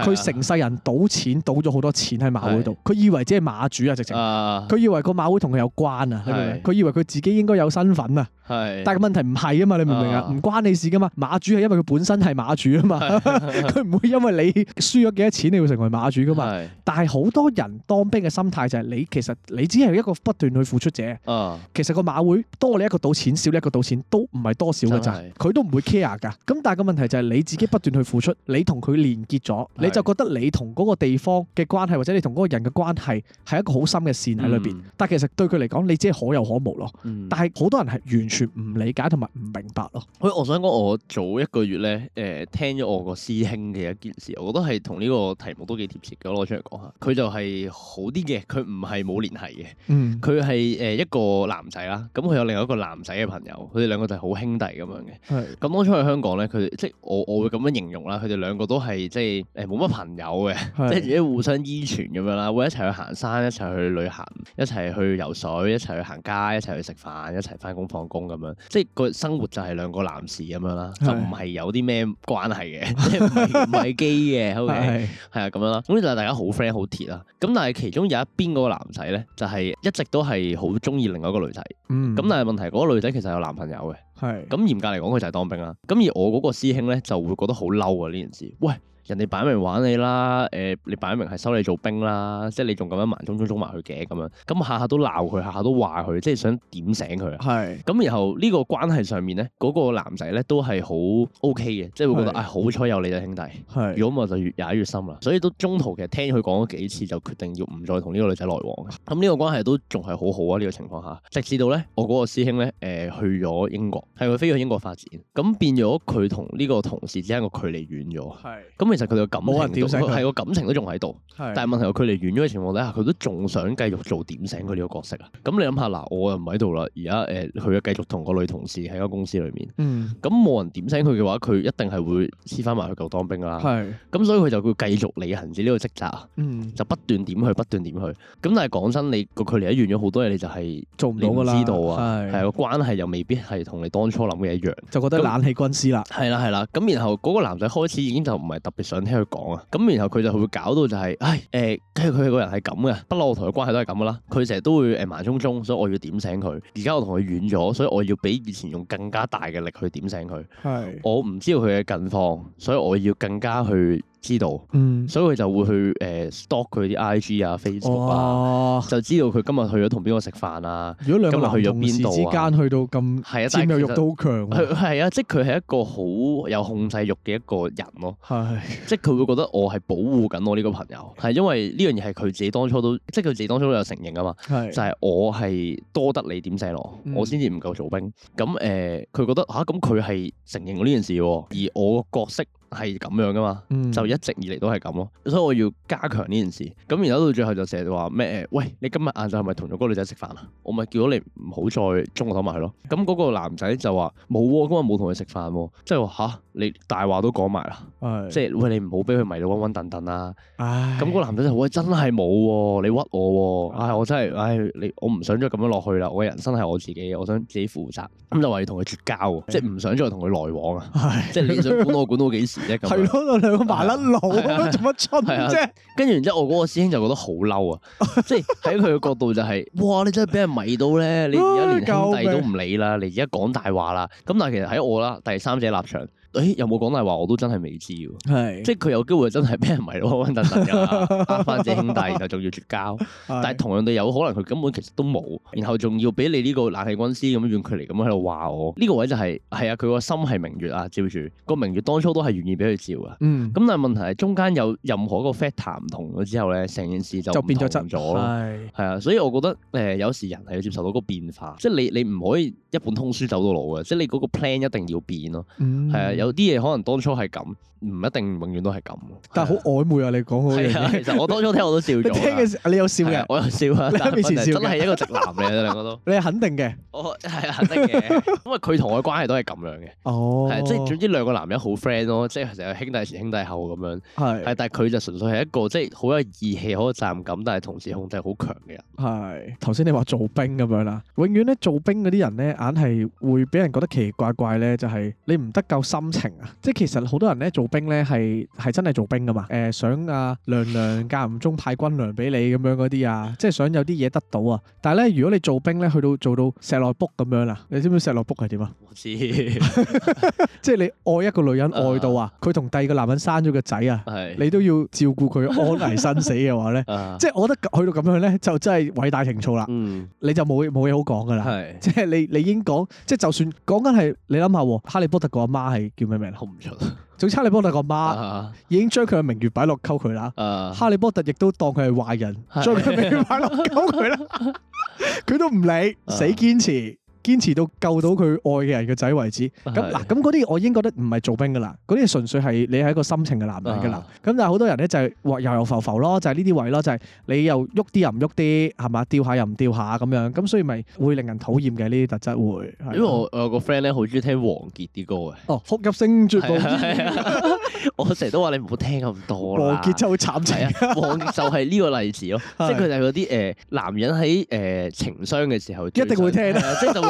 S3: 佢成
S2: 世人賭錢賭咗好多錢喺馬會度，佢以為只係馬主啊，直情，佢以為個馬會同佢有關啊，係咪？佢以為佢自己應該有身份啊，但係問題唔係啊嘛，你明唔明啊？唔關你事噶嘛，馬主係因為佢本身係馬主啊嘛，佢唔會因為你輸咗幾多錢，你會成為馬主噶嘛？但係好多人當兵嘅心態就係，你其實你只係一個不斷去付出者，其實個馬會多你一個賭錢，少你一個賭錢都唔係多少噶咋，佢都唔會 care 噶。咁但係個問題就係你自己不斷去付出，你同佢連結咗，你就覺得你同嗰。個地方嘅關係，或者你同嗰個人嘅關係，係一個好深嘅線喺裏邊。嗯、但其實對佢嚟講，你只係可有可無咯。嗯、但係好多人係完全唔理解同埋唔明白咯。
S3: 喂，我想講我早一個月咧，誒，聽咗我個師兄嘅一件事，我覺得係同呢個題目都幾貼切嘅，我攞出嚟講下。佢就係好啲嘅，佢唔係冇聯繫嘅。佢係誒一個男仔啦，咁佢有另外一個男仔嘅朋友，佢哋兩個就係好兄弟咁樣嘅。咁是當初去香港咧，佢哋，即係我我會咁樣形容啦，佢哋兩個都係即係誒冇乜朋友嘅。是即係自己互相依存咁樣啦，會一齊去行山，一齊去旅行，一齊去游水，一齊去行街，一齊去食飯，一齊翻工放工咁樣。即係個生活就係兩個男士咁樣啦，是就唔係有啲咩關係嘅， 即係唔係 gay 嘅。O K，係啊咁樣啦。咁就大家好 friend 好鐵啦。咁但係其中有一邊嗰個男仔咧，就係一直都係好中意另外一個女仔。嗯。咁但係問題嗰、嗰個女仔其實有男朋友嘅。係是。咁嚴格嚟講，佢就係當兵啦。咁而我嗰個師兄咧，就會覺得好嬲啊呢件事。喂。人哋擺明玩你啦，誒、呃，你擺明係收你做兵啦，即係你仲咁樣盲衝衝衝埋去嘅咁樣，咁下下都鬧佢，下下都話佢，即係想點醒佢啊。係是。咁然後呢個關係上面咧，嗰、那個男仔咧都係好 OK 嘅，即係會覺得啊，是哎、好彩有你啊兄弟。係是。如果唔係就越踩越，越深啦，所以都中途其實聽佢講咗幾次，就決定要唔再同呢個女仔來往。咁呢個關係都仲係好好啊呢、這個情況下，直至到咧我嗰個師兄咧誒、呃、去咗英國，係佢飛咗英國發展，咁變咗佢同呢個同事之間個距離遠咗。係是。咁其實佢個感情係個感情都仲喺度，的但係問題係佢離遠咗嘅情況底下，佢都仲想繼續做點醒佢呢個角色啊。咁你諗下嗱，我又唔喺度啦，而家誒，佢、呃、又繼續同個女同事喺個公司裏面，咁冇、嗯、人點醒佢嘅話，佢一定係會黐翻埋去救當兵啦。係的，咁所以佢就會繼續履行呢個職責，嗯、就不斷點去，不斷點去。咁但係講真，你個距離一遠咗好多嘢，你就係做唔到知噶啦、啊，係個的關係又未必係同你當初諗嘅一樣，就覺得冷氣軍師啦，係啦係啦。咁然後嗰個男仔開始已經就唔係特別，想聽佢講啊，咁然後佢就會搞到就係、是，唉，誒，跟住佢個人係咁嘅，不嬲我同佢關係都係咁噶啦。佢成日都會誒懵盛盛，所以我要點醒佢。而家我同佢遠咗，所以我要比以前用更加大嘅力去點醒佢。係是，我唔知道佢嘅近況，所以我要更加去。知道，所以佢就會去誒 stalk 佢啲 IG 啊、Facebook 啊，就知道佢今日去咗同邊個食飯啊。如果兩個人同事之間
S2: 去到咁啊，佔有慾都好強，係啊，
S3: 即係佢係一個好有控制欲嘅一個人咯。係，即係佢會覺得我係保護緊我呢個朋友，係因為呢樣嘢係佢自己當初都，即係佢自己當初都有承認啊嘛。係，就係我係多得你點細路，我先至唔夠做兵。咁誒，佢覺得吓，咁佢係承認呢件事喎，而我個角色。係咁樣噶嘛，嗯、就一直以嚟都係咁咯，所以我要加強呢件事。咁然後到最後就成日就話咩？喂，你今日晏晝係咪同咗嗰個女仔食飯啊？我咪叫咗你唔好再中我手埋去咯。咁嗰個男仔就話冇喎，今日冇同佢食飯喎，即係話吓你大話都講埋啦，是即係喂，你唔好俾佢迷到瘟瘟沌沌。啊，咁嗰、哎、個男仔就話喂，真係冇喎，你屈我喎、啊，唉、哎、我真係唉、哎、你我唔想再咁樣落去啦，我人生係我自己，我想自己負責，咁就話要同佢絕交、啊，嗯、即係唔想再同佢來往啊，是即係你想管我，我管到幾時？ 係咯，
S2: 兩、 啊、個麻甩佬，做乜
S3: 春啫？跟住然之後，我嗰個師兄就覺得好嬲啊，即係喺佢嘅角度就係、是， 哇！你真係俾人迷到咧，你而家連兄弟都唔理啦，啊、你而家講大話啦。咁但係其實喺我啦，第三者立場。誒、欸、有冇講大話我都真係未知喎，是即係佢有機會真係俾人迷咯，揾揾揾揾翻姐兄弟，就仲 要絕交。是但係同樣地有可能佢根本其實都冇，然後仲要俾你呢個冷氣軍師咁遠距離咁喺度話我呢、這個位就係、是、係啊，佢個心係明月啊，照住個明月當初都係願意俾佢照啊。嗯，咁但係問題係中間有任何一個 factor 唔同咗之後咧，成件事就就變咗質咗。係係啊，啊，所以我覺得誒、呃、有時人係要接受到嗰個變化，即係你你唔可以一本通書走到老嘅，即係你嗰個 plan 一定要變咯。嗯，啊。有啲嘢可能當初係咁，唔一定永遠都係咁。
S2: 但係好曖昧啊！你講好啲嘢，係啊，其實我當初聽我都笑咗。你聽嘅，你
S3: 有笑嘅，我有笑啊。你面前笑，但真係一個直男嚟嘅，兩個都。 你係肯定嘅，我係肯定嘅， 因為佢同我關係都係咁樣嘅。哦，係即係總之兩個男人好 friend 咯，即係成日兄弟前兄弟後咁樣。係是，但係佢就純粹係一個即係好有義氣、好有責任感，但係同時控制好強嘅
S2: 人。係頭先你話做兵咁樣啦，永遠咧做兵嗰啲人咧，硬係會俾人覺得奇怪怪咧，就係、是、你唔得夠心。情啊，即係其實好多人咧做兵咧係係真係做兵噶嘛，誒想啊，娘娘間唔中派軍糧俾你咁樣嗰啲啊，即係想有啲嘢得到啊。但係咧如果你做兵咧去到做到石內卜咁樣啦，你知唔知石內卜係點啊？我知，即係你愛一個女人愛到啊，佢同第二個男人生咗個仔啊，你都要照顧佢安危生死嘅話咧，即係是的 我覺得去到咁樣咧就真係偉大情操啦，你就冇冇嘢好講噶啦，即係是的 你你已經講，即係就算講緊係你諗下哈利波特個阿媽係。叫咩名？好唔出。早差利媽媽，uh、哈利波特個媽已經將佢嘅名譽擺落溝佢渠啦。哈利波特亦都當佢係壞人，將佢，uh、名譽擺落溝佢渠啦。佢 都唔理，死堅持。堅持到救到佢愛嘅人嘅仔為止，咁嗱的，咁嗰啲我已經覺得唔係做兵噶啦，嗰啲純粹係你係一個深情嘅男人噶啦。咁、啊、但係好多人咧就係遊又，又浮浮咯，就係呢啲位咯，就係、是、你又喐啲又唔喐啲，係嘛？掉下又唔掉下咁樣，咁所以咪會令人討厭嘅呢啲特質會。因為我我
S3: 有個 friend 咧好中意聽王傑啲歌嘅。哦，
S2: 哭泣聲絕 不。
S3: 我成日都話你唔好聽咁多。王傑真係好慘情。王傑就係呢個例子咯，即係佢就係嗰啲誒男人喺誒情商嘅時候。的一定會聽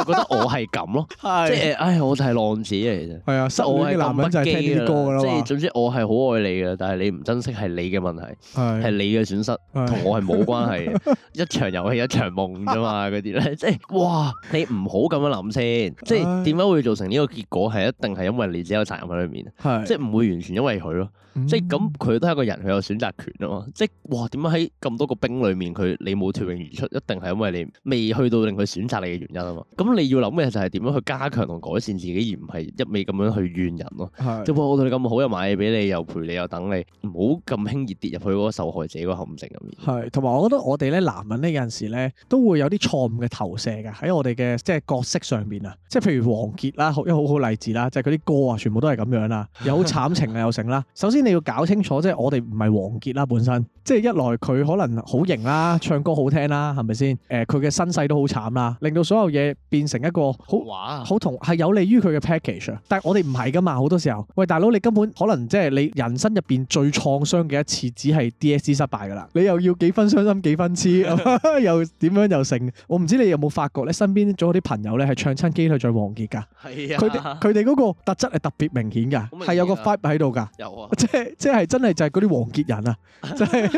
S3: 我覺得我係咁咯，即係唉，我就係浪子嚟嘅，其實係啊，失我係咁不羈嘅，即係總之我係好愛你嘅，但係你唔珍惜係你嘅問題，係你嘅損失，同我係冇關係嘅，一場遊戲一場夢啫嘛，嗰啲咧，即係哇，你唔好咁樣諗先，即係點解會造成呢個結果係一定係因為你只有責任喺裏面，係即係唔會完全因為佢咯，即係咁佢都係一個人，佢有選擇權啊嘛，即係哇，點解喺咁多個兵裏面佢你冇脫穎而出，一定係因為你未去到令佢選擇你嘅原因啊嘛，咁。咁你要諗嘅就係點樣去加強同改善自己，而唔係一味咁樣去怨人咯、啊是。即係我對你咁好，又買嘢俾你，又陪你，又等你，唔好咁輕易跌入去嗰個受害者嗰個陷阱入
S2: 面。係，同埋我覺得我哋咧男人呢有陣時咧都會有啲錯誤嘅投射㗎喺我哋嘅即係角色上邊啊，即係譬如王傑啦，一好好例子啦，就係佢啲歌啊，全部都係咁樣啦，又好慘情啊又成啦。首先你要搞清楚，即係我哋唔係王傑啦本身，即係一來佢可能好型啦，唱歌好聽啦，係咪先？誒，佢嘅身世都好慘啦，令到所有嘢變變成一個好好哇同係有利於佢嘅 package，但係我哋唔係噶嘛，好多時候，喂大佬，你根本可能即係你人生入邊最創傷嘅一次，只係 DSE 失敗噶啦，你又要幾分傷心幾分痴， 又點樣又成？我唔知你有冇發覺咧，身邊咗啲朋友咧係唱親機都像王傑噶，係啊，佢哋佢哋嗰個特質係特別明顯噶，係、啊、有個 vibe 喺度噶，有啊，即係即係真係就係嗰啲王傑人啊，即係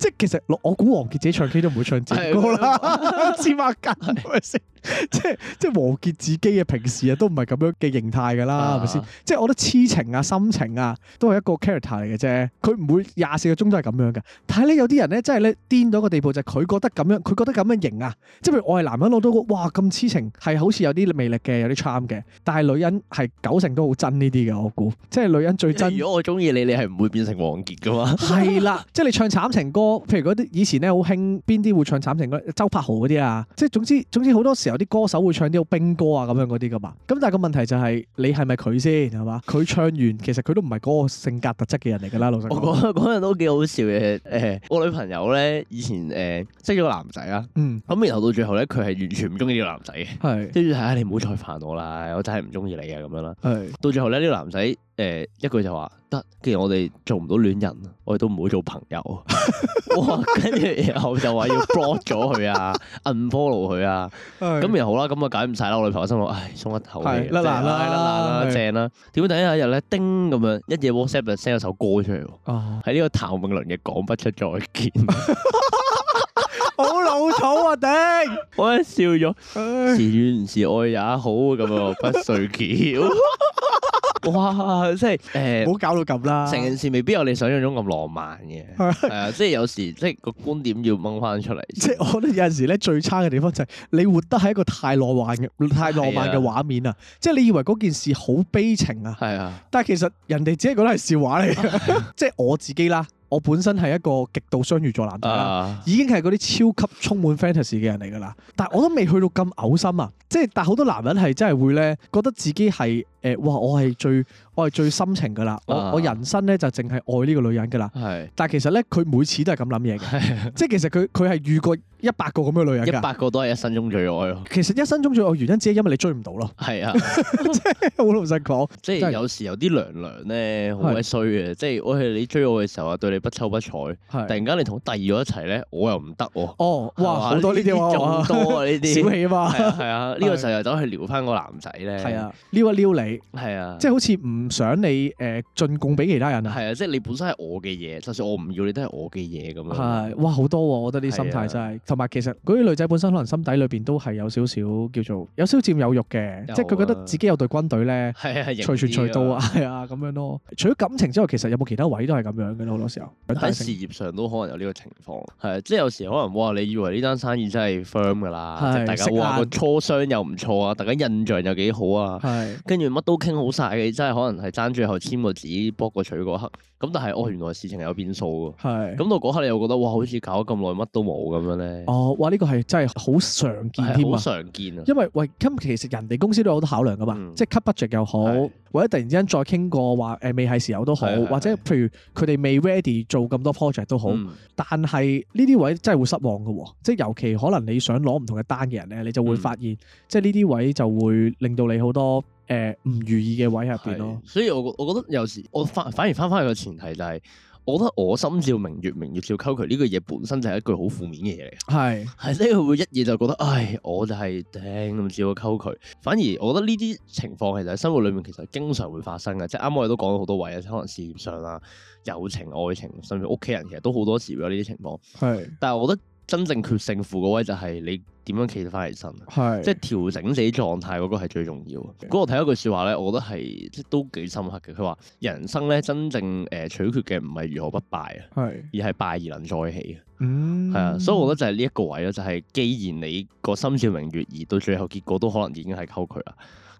S2: 即係其實我估王傑自己唱 K 都唔會唱自己歌啦， 即係即係王傑自己嘅平時啊，都唔係咁樣嘅形態噶啦，係咪先？Huh. 即係我覺得痴情啊、深情啊，都係一個 character 嚟嘅啫。佢唔會廿四個鐘都係咁樣嘅。但係咧，有啲人咧，真係咧癲到一個地步，就佢覺得咁樣，佢覺得咁樣型啊。即係譬如我係男人我覺得，攞到個哇咁痴情，係好似有啲魅力嘅，有啲 charm 嘅。但係女人係九成都好真呢啲嘅，我估。即係女人最真。如果我中意你，你係唔會變成王傑噶嘛？係 啦，即係你唱慘情歌，譬如嗰啲以前咧好興邊啲會唱慘情歌，周柏豪嗰啲啊。即係總之總之好多時有啲歌手會唱啲好冰歌啊，咁樣嗰啲㗎嘛。咁但係個問題就係、是，你係咪佢先係嘛？佢唱完，其實佢都唔係嗰個性格特質嘅人嚟㗎啦，老實講。我
S3: 講，嗰日都幾好笑嘅。誒、欸，我女朋友咧以前誒、欸、識咗個男仔啦。嗯。咁然後到最後咧，佢係完全唔中意呢個男仔嘅。係是。跟住睇下你唔好再煩我啦，我真係唔中意你啊，咁樣啦。係是。到最後咧，呢、這個男仔。誒、欸，一句就話得，既然我哋做唔到戀人，我哋都唔會做朋友。跟住 然後就話要 follow 咗佢啊，unfollow 佢啊，咁然好啦，咁啊解唔晒啦，我女朋友心諗，唉，鬆一口氣，得啦啦，啦啦，正啦。點解第一日咧，叮咁樣，一夜 WhatsApp 就 send 咗首歌出嚟，喺呢個譚詠麟嘅《講不出再見》。
S2: 好老土啊！頂，
S3: 我一笑咗，自怨自艾也好，咁樣不睡覺。 哇，即係誒，唔好搞到咁啦。成件事未必有你想象中咁浪漫嘅，係啊、 嗯，即係有時即係個觀點要掹翻
S2: 出嚟。 即係我覺得有陣時咧，最差嘅地方就係你活得係一個太浪漫嘅 太浪漫嘅畫面是啊！即係你以為嗰件事好悲情啊，係是啊，但係其實人哋只係覺得係笑話嚟嘅，即係我自己啦。我本身係一個極度雙魚座男仔，啦，啊、已經係嗰啲超級充滿 fantasy 嘅人嚟㗎啦，但係我都未去到咁嘔心啊！即係但係好多男人係真係會咧，覺得自己係誒、呃、哇，我係最。我係最深情噶啦，我人生咧就淨係愛呢個女人噶啦。係，但係其實咧，佢每次都係咁諗嘢嘅，即係其實佢佢係遇過一百個咁嘅女人，一百個都係一生中最愛。其實一生中最愛原因只係因為你追唔到咯。係啊，即係好老實講，即係有時有啲娘娘咧好鬼
S3: 衰嘅，即係我係你追我嘅時候啊，對你不瞅不睬，突然間你同第二個一齊咧，我又唔得
S2: 喎。哦，哇，好多呢啲話喎，多啊呢啲，少氣啊嘛。
S3: 係啊，呢個時候就走去撩翻個男仔咧。係
S2: 啊，撩一撩你。係啊，即係好似唔～唔想你誒進貢俾其他人啊，係
S3: 啊，即係你本身係我嘅嘢，就算我唔要你都係我嘅嘢咁樣。係，
S2: 哇，好多喎！我覺得啲心態真係，同埋其實嗰啲女仔本身可能心底裏邊都係有少少叫做有少佔有欲嘅，即係佢覺得自己有隊軍隊咧，係啊，隨傳隨到啊，係啊，咁樣咯。除咗感情之外，其實有冇其他位都係咁樣嘅咯，好多時候喺事
S3: 業上都可能有呢個情況。係，即係有時可能哇，你以為呢單生意真係 firm 噶啦，即係大家話個初相又唔錯啊，大家印象又幾好啊，係，跟住乜都傾好晒嘅，真係可能。係爭最後簽個紙，幫個取嗰刻，咁但係哦，原來事情係有變數嘅。係是，咁到嗰刻你又覺得哇，好似搞咁耐乜都冇咁樣咧。
S2: 哦，哇，呢、這個係真係好常見添好常見啊！因為喂，咁其實人哋公司都有好多考量噶嘛，嗯、即係 cut budget 又好，嗯、或者突然之間再傾過話誒、呃、未係時候都好，嗯、或者譬如佢哋未 ready 做咁多 project 都好。嗯、但係呢啲位真係會失望嘅，即係尤其可能你想攞唔同嘅單嘅人咧，你就會發現，嗯、即係呢啲位就會令到你好多。誒，唔、呃、如意嘅位入邊咯，
S3: 所以我覺我覺得有時我反反而翻翻去個前提就係、是，我覺得我心照明月，明月照溝渠呢個嘢本身就係一句好負面嘅嘢嚟，係係呢個會一嘢就覺得，唉，我就係頂咁照溝渠，反而我覺得呢啲情況其實喺生活裏面其實經常會發生嘅，即係啱我哋都講咗好多位啊，可能事業上啊、友情、愛情，甚至屋企人，其實都好多時會有呢啲情況，係是，但係我覺得。真正決勝負嗰位就係你點樣企翻起身，是即係調整自己狀態嗰個係最重要。不過 Okay. 我睇一句說話咧，我覺得係即都幾深刻嘅。佢話人生咧真正誒、呃、取決嘅唔係如何不敗啊，是而係敗而能再起啊。係、嗯、啊，所以我覺得就係呢一個位咧，就係、是、既然你個心照明月，而到最後結果都可能已經係溝渠啦。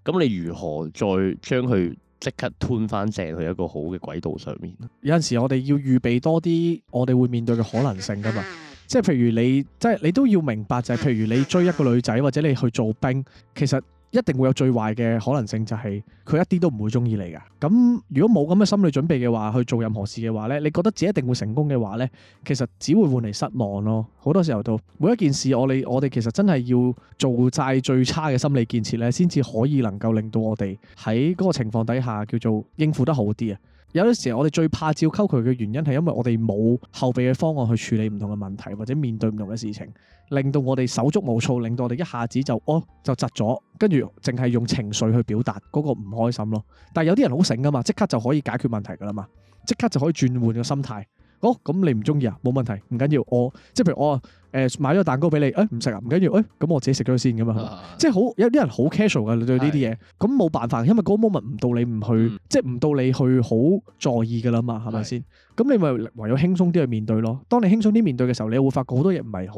S3: 咁你如何再將佢即刻 turn 翻正去一個好嘅軌道上
S2: 面？有陣時我哋要預備多啲，我哋會面對嘅可能性噶嘛。即係譬如你，即係你都要明白就係，譬如你追一個女仔或者你去做兵，其實一定會有最壞嘅可能性就，就係佢一啲都唔會中意你噶。咁如果冇咁嘅心理準備嘅話，去做任何事嘅話咧，你覺得自己一定會成功嘅話呢，其實只會換嚟失望咯。好多時候都，每一件事我，我哋我哋其實真係要做曬最差嘅心理建設呢，先至可以能夠令到我哋喺嗰個情況底下叫做應付得好啲啊！有啲時候，我哋最怕照溝佢嘅原因係因為我哋冇後備嘅方案去處理唔同嘅問題或者面對唔同嘅事情，令到我哋手足無措，令到我哋一下子就哦，就窒咗，跟住淨係用情緒去表達嗰個唔開心咯。但係有啲人好醒噶嘛，即刻就可以解決問題噶啦嘛，即刻就可以轉換個心態。哦，咁，你唔中意啊？冇問題，唔緊要。我即係譬如我誒買咗個蛋糕俾你，誒唔食啊，唔緊要，誒、哎、咁我自己食咗先㗎嘛。啊、即係好有啲人好 casual 嘅是對呢啲嘢，咁冇辦法，因為嗰個 moment 唔到你唔去，嗯、即係唔到你去好在意嘅啦嘛，係咪先？咁你咪唯有輕鬆啲去面對咯。當你輕鬆啲面對嘅時候，你會發覺好多嘢唔係好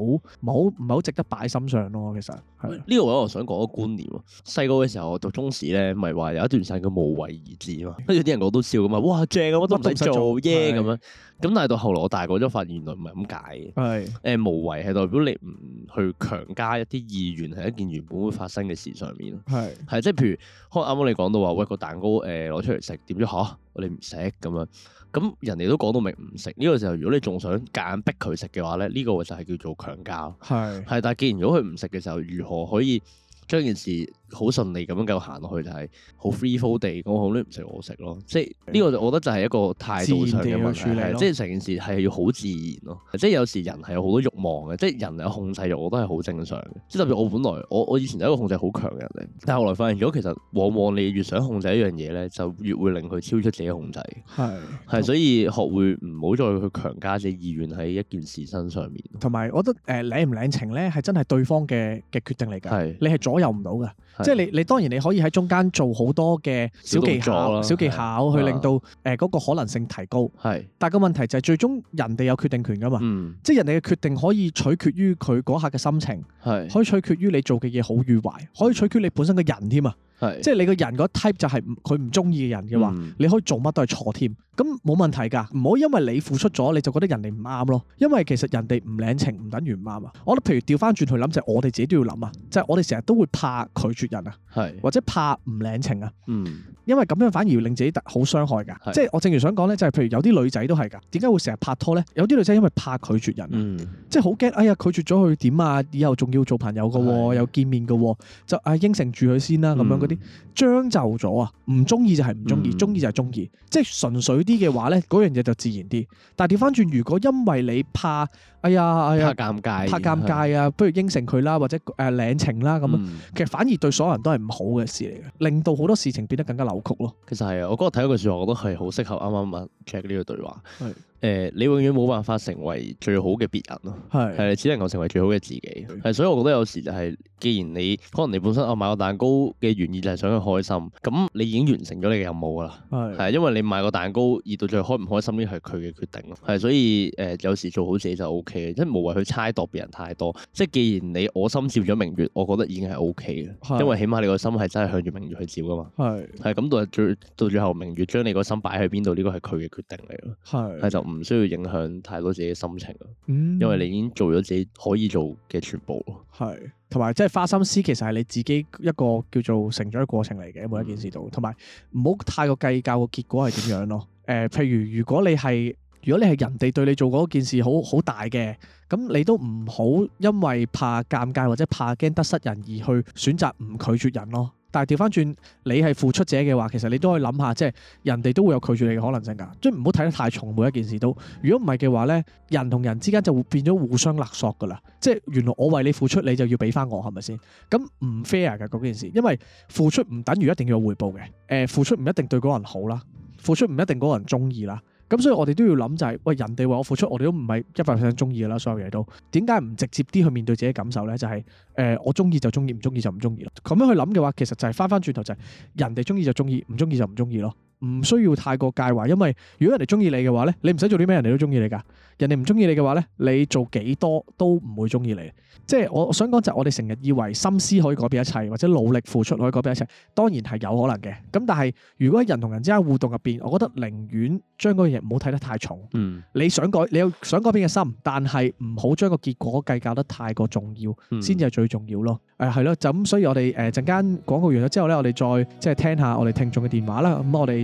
S2: 好唔係好值得擺心上咯。其實
S3: 呢個我想講個觀念喎。細個嘅時候我讀中史咧，咪話有一段時間佢無為而治嘛，跟住啲人我都笑咁啊，哇正啊，我都做嘢咁樣。咁對但係到後來我大個咗，發現原來唔係咁解嘅。係是誒無為。係代表你唔去強加一啲意願係一件原本會發生嘅事上面，係係即係譬如，可能啱啱你講到話，喂，個蛋糕誒攞、呃、出嚟食，點知嚇我哋唔食咁樣。咁人哋都講到明唔食呢個時候，如果你仲想夾硬逼佢食嘅話咧，呢、呢個就係叫做強加，係係是但係，既然如果佢唔食嘅時候，如何可以將件事，好順利咁樣繼續行落去就係、是、好 freefall 地，我好啲唔食，我食咯，即係呢、這個我覺得就係一個態度上嘅問處理，即係成件事係要好自然咯。即係有時人係有好多慾望嘅，即係人有控制慾，我覺得係好正常嘅。即係特別我本來我我以前就係一個控制好強嘅人嚟，但係後來發現咗其實往往你越想控制一樣嘢咧，就越會令佢超出自己控制。係係是，所以學會唔好再去強加自己意願喺一件事身上面。
S2: 同埋我覺得誒、呃、領唔領情咧，係真係對方嘅嘅決定嚟㗎，是你係左右唔到㗎。即係你，你當然你可以喺中間做好多嘅小技巧，小動作啊、小技巧去令到誒嗰是、啊呃嗰個可能性提高。係，是啊、但個問題就係最終人哋有決定權噶嘛。嗯，即係人哋嘅決定可以取決於佢嗰刻嘅心情，係是、啊、可以取決於你做嘅嘢好與壞，可以取決你本身嘅人添啊。即係你個人嗰 type 就係佢唔中意嘅人嘅話，嗯、你可以做乜都係錯添，咁冇問題噶，唔好因為你付出咗，你就覺得人哋唔啱咯，因為其實人哋唔領情唔等於唔啱啊。我諗譬如調翻轉去諗就係我哋自己都要諗啊，即、就、係、是、我哋成日都會怕拒絕人啊，是或者怕唔領情啊，嗯、因為咁樣反而會令自己好傷害噶。是即係我正如想講呢，就係譬如有啲女仔都係噶，點解會成日拍拖呢？有啲女仔因為怕拒絕人，嗯、即係好驚哎呀拒絕咗佢點啊，以後仲要做朋友噶、啊，是又見面噶、啊，就應啊應承住佢先啦咁樣。嗯嗰啲將就咗啊，唔中意就係唔中意，中意、嗯、就係中意，即係純粹啲嘅話咧，嗰樣嘢就自然啲。但係調翻轉，如果因為你怕，哎呀，哎呀，怕尷尬，怕尷尬啊，係不如應承佢啦，或者誒、呃、領情啦咁啊，樣嗯、其實反而對所有人都係唔好嘅事嚟嘅，令到好多事情變得更加扭曲咯。其實係啊，我今日睇到句說話，我覺得係好適合啱啱啊
S3: ，check 呢個對話係。誒、呃，你永遠冇辦法成為最好嘅別人咯，係的，係只能夠成為最好嘅自己，係的，所以我覺得有時就係，既然你可能你本身我買個蛋糕嘅原意就係想佢開心，咁你已經完成咗你嘅任務㗎啦，係的，因為你買個蛋糕而到最開唔開心呢係佢嘅決定咯，係，所以誒、呃、有時做好自己就 O、OK、K 即係無謂去猜度別人太多，即係既然你我心照咗明月，我覺得已經係 O K 嘅，因為起碼你個心係真係向住明月去照㗎嘛，係的，係，咁到最到最後明月將你個心擺喺邊度呢個係佢嘅決定嚟咯，係的，係的就。唔需要影響太多自己心情啊，嗯、因為你已經做咗自己可以做嘅全部
S2: 咯。係同埋即係花心思，其實係你自己一個叫做成長嘅過程嚟嘅。嗯、每一件事度，同埋唔好太過計較個結果係點樣咯。誒、 呃，譬如如果你係如果你係人哋對你做嗰件事好好大嘅，咁你都唔好因為怕尷尬或者怕驚得失人而去選擇唔拒絕人咯。但係調翻轉，你係付出者嘅話，其實你都可以諗下，即係人哋都會有拒絕你嘅可能性㗎，即係唔好睇得太重每一件事都。都如果唔係嘅話咧，人同人之間就會變咗互相勒索㗎啦。即係原來我為你付出，你就要俾翻我，係咪先？咁唔 fair 㗎嗰件事，因為付出唔等於一定要有回報嘅。誒、呃，付出唔一定對嗰個人好啦，付出唔一定嗰個人中意啦。咁所以我哋都要諗就係、是、喂，人哋話我付出，我哋都唔係一百 p 中意噶啦。所有嘢都點解唔直接啲去面對自己嘅感受呢？就係、是、誒、呃、我中意就中意，唔中意就唔中意咯。咁樣去諗嘅話，其實就係翻翻轉頭就係、是、人哋中意就中意，唔中意就唔中意咯。唔需要太過介懷，因為如果人哋中意你嘅話咧，你唔使做啲咩人哋都中意你噶。人哋唔中意你嘅話咧，你做幾多都唔會中意你。即係我我想講就係我哋成日以為心思可以改變一切，或者努力付出可以改變一切，當然係有可能嘅。咁但係如果喺人同人之間互動入邊，我覺得寧願將嗰樣嘢唔好睇得太重。嗯。你想改，你有想改變嘅心，但係唔好將個結果計較得太過重要，先至係最重要咯。誒係咯，就咁。所以我哋誒陣間廣告完咗之後咧，我哋再即係聽下我哋聽眾嘅電話啦。咁我哋。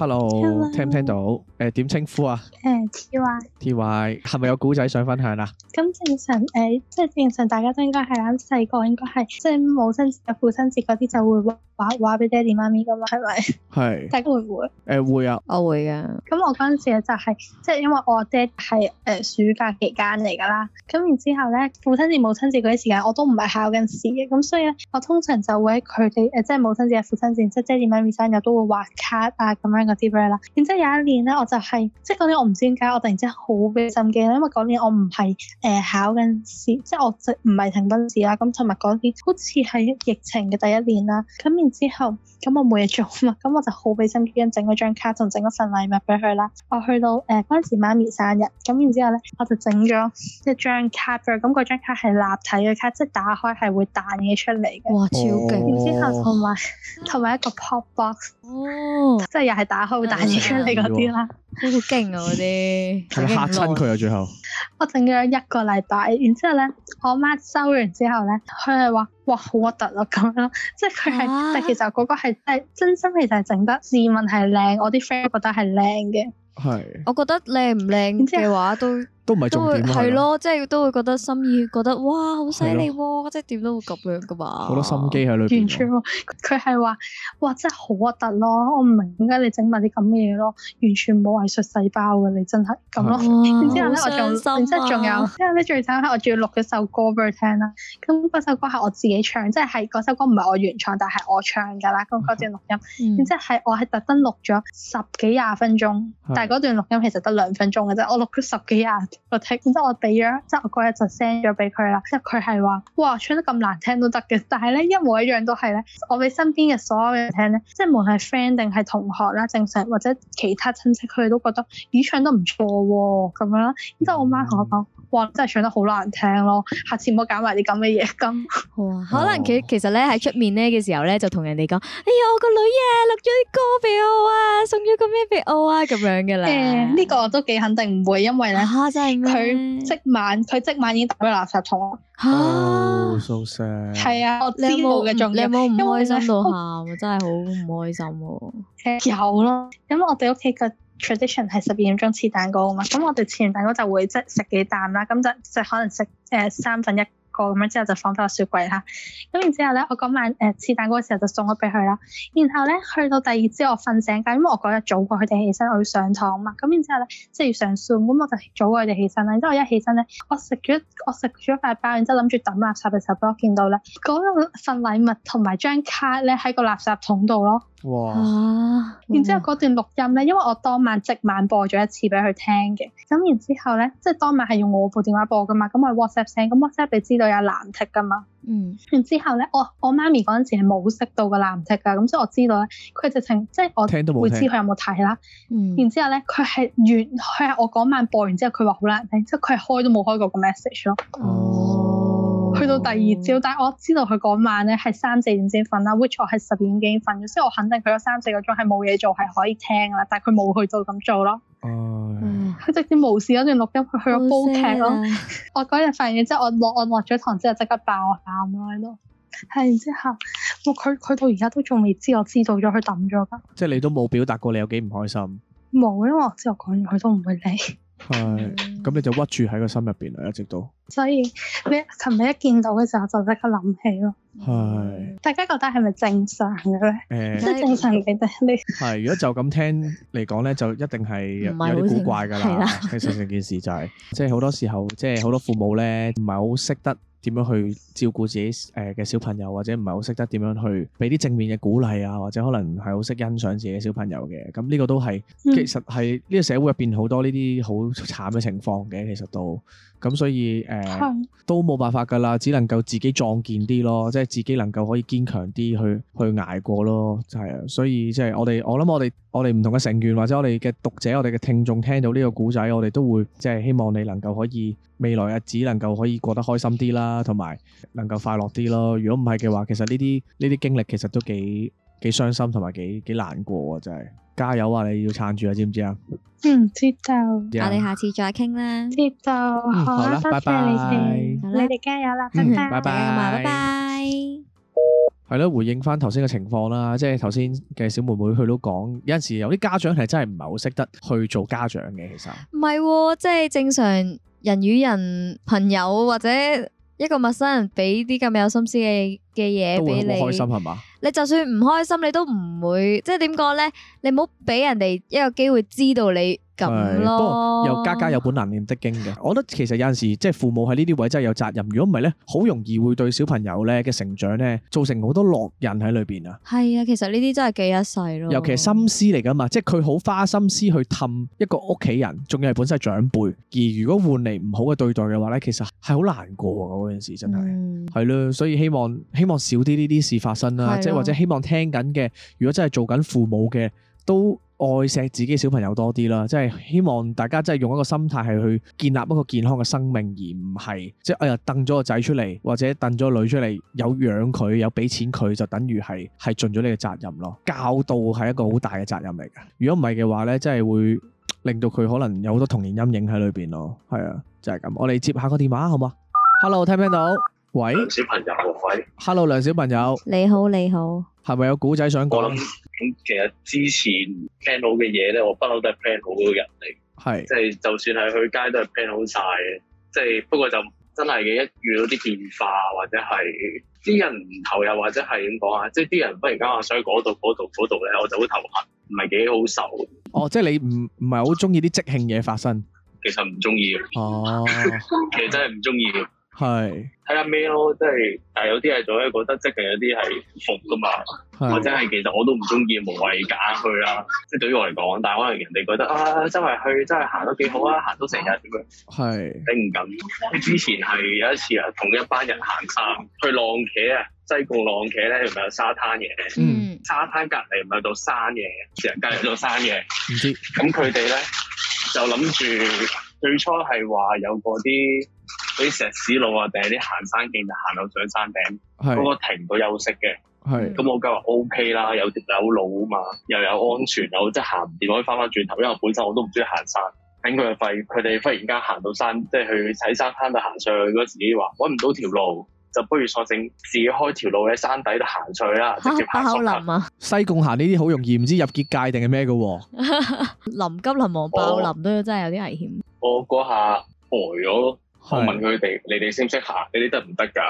S2: Hello，Hello. 聽唔聽到？誒、呃，點稱呼啊？誒，T.Y.T.Y. 係咪有古仔想分享啊？咁
S1: 正常誒，即係正常，呃、正常大家都應該係啦。細個應該係，即係母親節、父親節嗰啲就會畫畫畫俾爹哋媽咪噶嘛，係咪？係。大家會唔會？
S4: 誒、嗯，會啊，我會
S1: 嘅。咁我嗰陣時就係、是、即、就、係、是、因為我爹係誒暑假期間嚟噶啦。咁然之後咧，父親節、母親節嗰啲時間，我都唔係考緊試嘅。咁所以咧，我通常就會喺佢哋誒，即係母親節、父親節，即係爹哋媽咪生日都會畫卡啊，咁樣。嗰啲啦，然之後有一年咧，我就係、是、即係嗰年我唔知點解，我突然之間好俾心機咧，因為嗰年我唔係誒考緊試，即係我唔係停緊試啦。咁尋日嗰啲好似係疫情嘅第一年啦，咁然之後咁、嗯嗯、我冇嘢做啊嘛，咁、嗯嗯、我就好俾心機，整咗張卡同整咗份禮物俾佢啦。我去到誒嗰陣時媽咪生日，咁然之後咧我就整咗一張卡嘅，咁嗰張卡係立體嘅卡，即係打開係會彈嘢出嚟嘅。哇，超勁！哦、然之後同埋同埋一個 pop box，哦，即係又係。打開打嘢出嚟嗰啲啦，好勁啊嗰啲，嚇親佢啊最後。 我整咗一個禮拜，然之後咧，我媽收完之後咧，佢係話哇好核突咯咁樣咯，即係佢係，啊、但其實嗰個係真係真心，其實係整得，自問係靚，我啲 friend 覺得係靚嘅。
S4: 係
S2: 是。
S1: 我覺得靚唔靚嘅話後都。都唔係重點咯。了即係都會覺得心意，覺得哇好犀利喎！啊、了即係點都會咁樣噶、啊、嘛。好多
S2: 心機喺裏邊。完
S1: 全喎，佢係話哇真係好核突咯！我唔明點解你整埋啲咁嘅嘢咯？完全冇藝術細胞㗎，你真係咁咯。然之後咧，我仲，然之後仲有，之後咧最慘係我仲要錄咗首歌俾佢聽啦。咁嗰 首歌係我自己唱，即係係嗰首歌唔係我原創，但係我唱㗎啦。咁嗰段錄音，然之後係我係特登錄咗十幾廿分鐘，但係嗰段錄音其實得兩分鐘嘅啫。我錄咗十幾廿。我睇，然之後我俾咗，即係我嗰日就 send 咗俾佢啦。即係佢係話：哇，唱得咁難聽都得嘅。但係咧，一模一樣都係咧，我俾身邊嘅所有嘅人聽咧，即係無論係 friend 定係同學啦、正常或者其他親戚，佢哋都覺得咦，唱得唔錯喎咁樣啦。然之後我媽同我講。嗯哇！真係唱得好難聽咯，下次唔好揀埋啲咁嘅嘢咁。
S4: 哦、可能其其實咧喺出面咧嘅時候咧就同人哋
S1: 講，哎呀我個女呀，錄咗啲歌俾我啊，送咗個咩俾我啊咁樣嘅啦。誒、嗯、呢、這個都幾肯定唔會，因為咧，佢、啊啊、即晚佢即晚已經抌咗垃圾桶。啊、
S2: 哦，收聲！係
S1: 啊，我知。你冇嘅仲有，你有冇唔開心到喊為 啊？真係好唔開心。有咯，咁我哋屋企嘅。tradition 係十二點鐘切蛋糕啊嘛，咁我哋切完蛋糕就會即食幾啖啦，咁就即可能食誒三分一。咁樣之後就放翻落雪櫃嚇，咁然之後咧，我嗰晚誒切、呃、蛋糕嘅時候就送咗俾佢啦。然後咧去到第二朝我瞓醒覺，因為我嗰日早過佢哋起身，我要上堂嘛。咁然之後咧，即係要上數，咁我就早過佢哋起身啦。然之後我一起身咧，我食咗我食咗塊包，然之後諗住抌垃圾嘅時候俾我見到咧，嗰份禮物同埋張卡咧喺個垃圾桶度咯。哇！然之後嗰哇段錄音咧，因為我當晚即晚播咗一次俾佢聽嘅。咁然之後咧，即係當晚係用我部電話播噶嘛，咁我 WhatsApp 聲，咁 WhatsApp 你知道。佢、嗯、有藍剔噶嘛？嗯，嗯然之後咧，我我媽咪嗰陣時係冇識到個藍剔噶，咁所以我知道咧，佢直情即係我會知佢有冇睇啦。然之後咧，佢係完，佢係我嗰晚播完之後，佢話好難聽，即係佢開都冇開過個 message 咯。哦，去到第二朝，但係我知道佢嗰晚咧係三四點先瞓啦，which 我係十點幾瞓咗，所以我肯定佢嗰三四個鐘係冇嘢做係可以聽噶啦，但係佢冇去到咁做咯。哦，佢、哎、直接無視嗰段錄音，佢去咗煲劇咯。我嗰日 發現之後，我落我落咗堂之後即刻爆喊啦喺度。係、哎、呀然之後，我佢佢到而家都仲未知，我知道咗佢抌咗噶。
S2: 即係你都冇表達過你有幾唔開心。
S1: 冇，因為我知我講完佢都唔會理。
S2: 係、哎，咁你就屈住喺個心入邊啦，一直都。
S1: 所以你琴日一見到嘅時候就即刻諗起咯。係。大家覺得係咪正常嘅咧？誒，即係正常嘅啫。
S2: 你係如果就咁聽嚟講咧，就一定係有啲古怪㗎啦。係啦。其實成件事就係，即係好多時候，即係好多父母咧，唔係好識得點樣去照顧自己誒嘅小朋友，或者唔係好識得點樣去俾啲正面嘅鼓勵啊，或者可能係好識欣賞自己小朋友嘅。咁呢個都係，其實係呢個社會入邊好多呢啲好慘嘅情況嘅，其實都。咁所以誒、呃嗯、都冇辦法㗎啦，只能夠自己壯健啲咯，即係自己能夠可以堅強啲去去捱過咯，就係、是、啊！所以即係我哋，我諗我哋我哋唔同嘅成員或者我哋嘅讀者，我哋嘅聽眾聽到呢個故仔，我哋都會即係、就是、希望你能夠可以未來日子能夠可以過得開心啲啦，同埋能夠快樂啲咯。如果唔係嘅話，其實呢啲呢啲經歷其實都幾幾傷心同埋幾幾難過、啊、真係。加油啊！你要撐住啊，知唔知啊？嗯，知道。
S4: Yeah. 我哋下次再傾啦。知道，好啦，好吧拜拜。謝謝你哋，吧你
S1: 哋加油啦！
S2: 嗯、拜拜。拜拜。係咯，回應返頭先嘅情況啦，即係頭先嘅小妹妹佢都講，有陣時有啲家長係真係唔係好識得去做家長嘅，其實唔係，
S4: 即係、哦就是、正常人與人朋友或者。一個陌生人畀啲咁有心思嘅嘢畀你，你就算唔開心，你都唔會，即係點講咧？你冇畀人哋一個機會知道你。係，不
S2: 過又家家有本難念的經嘅。我覺得其實有陣時即係父母喺呢啲位真係有責任。如果唔係咧，好容易會對小朋友咧嘅成長咧造成好多烙印喺裏邊啊。
S1: 係
S4: 啊，其實呢啲真係記一世咯。尤其係
S2: 心思嚟噶嘛，即係佢好花心思去氹一個屋企人，仲要係本身係長輩。而如果換嚟唔好嘅對待嘅話咧，其實係好難過噶。嗰陣時真係係咯，所以希望希望少啲呢啲事發生啦。的即係或者希望聽緊嘅，如果真係做緊父母嘅都。愛錫自己小朋友多啲啦，即係希望大家真係用一個心態係去建立一個健康嘅生命，而唔係即係哎呀，掟咗個仔出嚟，或者掟咗個女出嚟，有養佢，有俾錢佢，就等於係係盡咗你嘅責任咯。教導係一個好大嘅責任嚟噶，如果唔係嘅話呢，真係會令到佢可能有好多童年陰影喺裏邊咯。係啊，就係咁，我哋接下個電話好唔好啊？Hello，聽唔聽到？喂，小朋友，喂，Hello，梁小朋友，你好，你好，係咪有古仔想講？咁
S5: 其實之前 plan 好嘅嘢咧，我不嬲都係 plan 好嘅人嚟，係是，即係就，就算係去街都係 plan 好晒嘅，即、就、係、是、不過就真係嘅，一遇到啲變化或者係啲人唔投入，或者係點講啊？即係啲人忽然間話想去嗰度嗰度嗰度咧，我就好頭痕，唔係幾好受。
S2: 哦，即係你唔唔係好中意啲即興嘢發生？
S5: 其實唔中意，哦， 其實真係唔中意。係睇下咩咯，即係是，但係有啲係做咧，覺得即係有啲係服噶嘛，是或者係其實我都唔中意，無謂夾硬去啦。即對於我嚟講，但可能人哋覺得啊，周圍去真係行都幾好啊，行到成日咁樣。係頂唔緊。之前係有一次啊，同一班人行山，去浪茄啊，西貢浪茄咧，佢咪有沙灘嘅。嗯。沙灘隔離唔係有度山嘅，成日隔離度山嘅。咁佢哋咧就諗住，最初係話有嗰啲。啲石屎路啊，定係啲行山徑就行到上山頂，嗰個是停唔到休息嘅，咁是、嗯、我梗係 O K 啦，有條有路啊嘛，又有安全，又即係行唔掂可以翻翻轉頭，因為本身我都唔中意行山，等佢哋發現，佢哋忽然間行到山，即係去喺山坑度行上去，如果自己話揾唔到條路，就不如索性自己開條路喺山底度行出去啦，哈直接行森林
S2: 啊，西貢行呢啲好容易唔知入結界定係咩嘅喎，
S4: 臨 急臨忙爆林都真係有啲危險，
S5: 我嗰下呆咗。我問佢哋，你哋識唔識行？你哋得唔得㗎？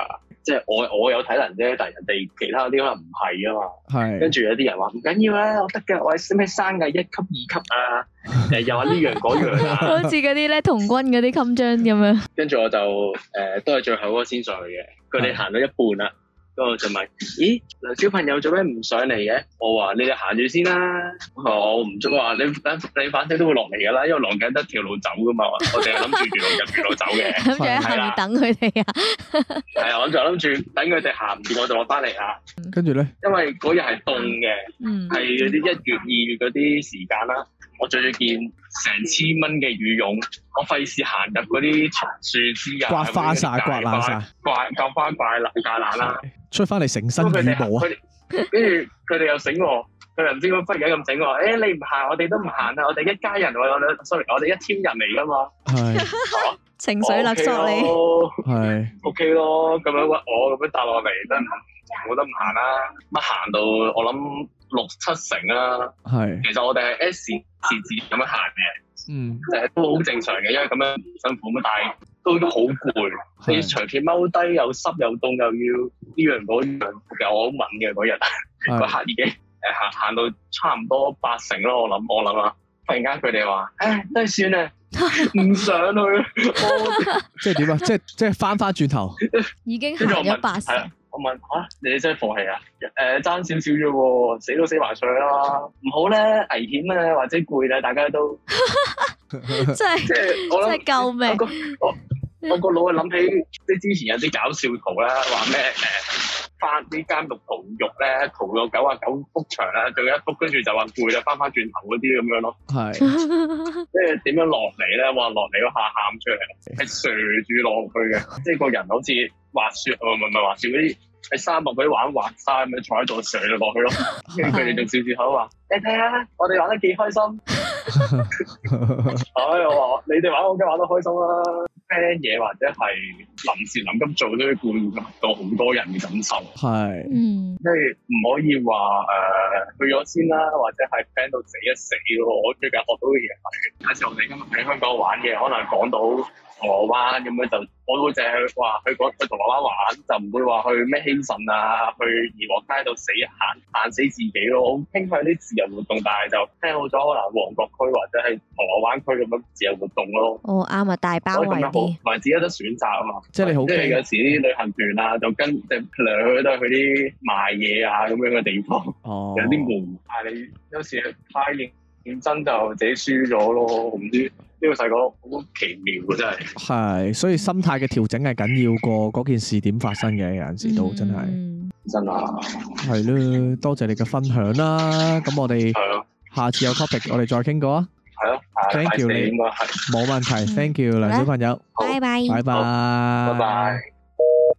S5: 即係我我有體能啫，但係人哋其他啲可能唔係啊嘛。係是。跟住有啲人話唔緊要啦，我得㗎，我係咩生級、一級、二級啊？誒，又話呢樣嗰樣。好似
S4: 嗰啲咧童軍嗰啲襟章咁樣。
S5: 跟住我就誒、呃，都係最後嗰先上去嘅。佢哋行到一半啦。我就問：咦，嗱，小朋友做咩唔上嚟嘅？我話：你哋行住先啦。我唔捉話，你等你反正都會落嚟噶啦，因為狼梗得條路走噶嘛。 我哋係諗住沿路入，沿路走嘅。咁仲喺度
S4: 等佢哋啊？
S5: 係啊，我仲諗住等佢哋行唔住，我就落翻嚟啦。
S2: 跟住咧，
S5: 因為嗰日係凍嘅，係嗰啲一月、二月嗰啲時間啦。我著咗件成千蚊嘅羽絨，我費事行入嗰啲樹枝啊，刮花晒、刮爛晒，刮咁翻、刮爛架爛啦。
S2: 出翻嚟成身淤布啊！跟住
S5: 佢哋又醒我，佢哋唔知點忽然咁整我。誒，你唔行，我哋都唔行啦。我哋一家人，我諗，sorry，我哋一 team 人嚟噶嘛。係是，情緒勒索你，係 OK 咯。咁是、okay、樣屈我，咁樣搭落嚟真係我都唔行啦。乜行到我諗？六七成啦，係，其實我哋係 S 字字咁樣行嘅，
S2: 嗯，
S5: 誒都好正常嘅，因為咁樣唔辛苦咩？但係都都好攰，你要長踎低又濕又凍，又要呢樣嗰樣，其實我好敏嘅嗰日，個客已經誒行行到差唔多八成咯，我諗我諗啊，突然間佢哋話，
S1: 誒
S2: 都算啊，唔
S5: 上去，
S2: 即係點啊？即係即係返返轉頭，
S4: 已經行咗八成。
S5: 我問你真係放棄啊？誒，爭少少啫喎，死都死埋出去啦！唔好咧，危險啊，或者攰咧，大家都
S1: 即係
S5: 即係，我諗， 我個我個腦啊，諗起即係之前有啲搞笑圖啦，話咩誒，發、呃、啲監獄圖玉咧，圖到九啊九幅牆啊，仲有一幅，跟住就話攰啦，翻翻轉頭嗰啲咁樣咯，係 即係點樣落嚟咧？話落嚟都嚇喊出嚟，係斜住落去嘅，即係個人好似滑雪啊，唔係唔係滑雪啲。喺沙漠嗰啲玩滑沙咁樣坐喺度上落去咯，跟住佢哋仲笑住口話，你睇下，我哋玩得幾開心。 哎，我話你哋玩我梗玩得開心啦。plan 嘢或者係臨時臨急做都要顧及到好多人嘅感受。
S2: 係，嗯，
S5: 即係唔可以話誒、呃、去咗先啦，或者係 plan 到死一死咯。我最近學到嘅係，有時 我哋今日喺香港玩嘅，可能講到。銅鑼灣咁樣就，我都淨係話去嗰去銅鑼灣玩，就唔會話去咩興順啊，去怡和街度死行行死自己咯，好傾向啲自由活動，但係就聽好咗可能旺角區或者係銅鑼灣區咁樣自由活動咯。
S4: 哦，啱啊，大包啲，同
S5: 埋自己有得選擇啊嘛。即係你好，即係有時啲旅行團啊，就跟即係兩都係去啲賣嘢啊咁樣嘅地方。哦。有啲派。你有時派，認認真就自己輸咗咯，唔知。呢個細個好
S2: 奇妙嘅真係，係所以心態嘅調整係緊要過嗰件事點發生嘅，有陣時都真係，真啊，係咯，多謝你嘅分享啦，咁我哋，係咯，下次有 topic 我哋再傾過啊，係咯，thank you 你，冇問題，thank you 梁小朋友，
S4: 拜拜，拜拜，拜拜。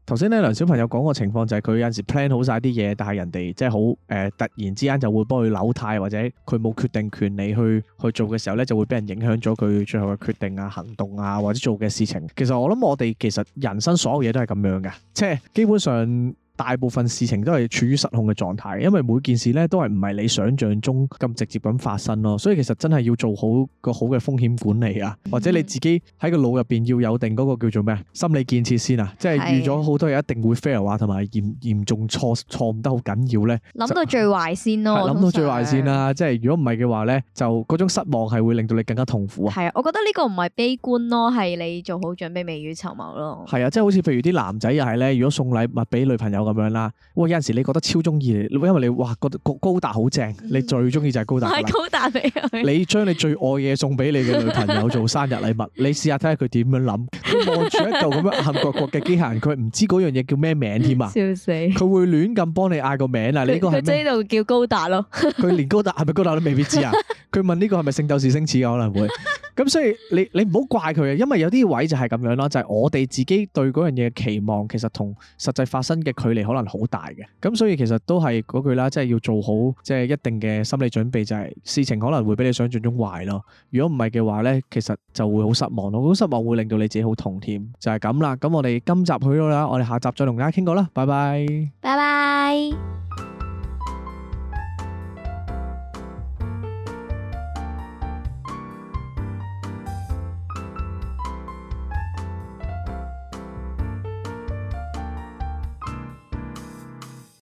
S2: 頭先咧梁小朋友講，個情況就係佢有陣時 plan 好晒啲嘢，但係人哋即係好誒，突然之間就會幫佢扭態，或者佢冇決定權利去去做嘅時候呢，就會俾人影響咗佢最後嘅決定啊、行動啊或者做嘅事情。其實我諗我哋其實人生所有嘢都係咁樣嘅，即係基本上。大部分事情都係處於失控嘅狀態，因為每件事咧都係唔係你想像中咁直接咁發生咯，所以其實真係要做好個好嘅風險管理啊，或者你自己喺個腦入邊要有定嗰個叫做咩心理建設先啊，即係預咗好多嘢一定會 fail 啊，同埋嚴嚴重錯錯誤得好緊要呢。諗到
S4: 最壞先咯，諗 到最壞先啦，
S2: 常即係如果唔係嘅話呢，就嗰種失望係會令到你更加痛苦啊。係
S4: 啊，我覺得呢個唔係悲觀咯，係你做好準備未雨綢繆咯。
S2: 係啊，即係好似譬如啲男仔又係呢，如果送禮物俾女朋友。咁樣啦，哇！有陣時你覺得超中意你，因為你哇覺得高高達好正，你最中意就係高達啦。買高
S4: 達俾佢。你
S2: 將你最愛嘅嘢送俾你嘅女朋友做生日禮物，你試下睇下佢點樣諗。望住一嚿咁樣黑擱擱嘅機械人，佢唔知嗰樣嘢叫咩名添啊！笑死！佢會亂咁幫你嗌個名啊！呢個係咩？佢喺度叫高達咯。佢連高達係咪高達都未必知啊！佢問呢個係咪聖鬥士星矢啊？可能會。咁所以你你唔好怪佢啊，因為有啲位就係咁樣咯，就係我哋自己對嗰樣嘢期望，其實同實際發生嘅距離。可能好大嘅，咁所以其實都係嗰句啦，即係要做好，即係一定嘅心理準備，就係事情可能會比你想象中壞咯。如果唔係嘅話呢，其實就會好失望咯，好失望會令到你自己好痛添，就係咁啦。咁我哋今集去到啦，我哋下集再同大家傾過啦，拜拜，
S4: 拜拜。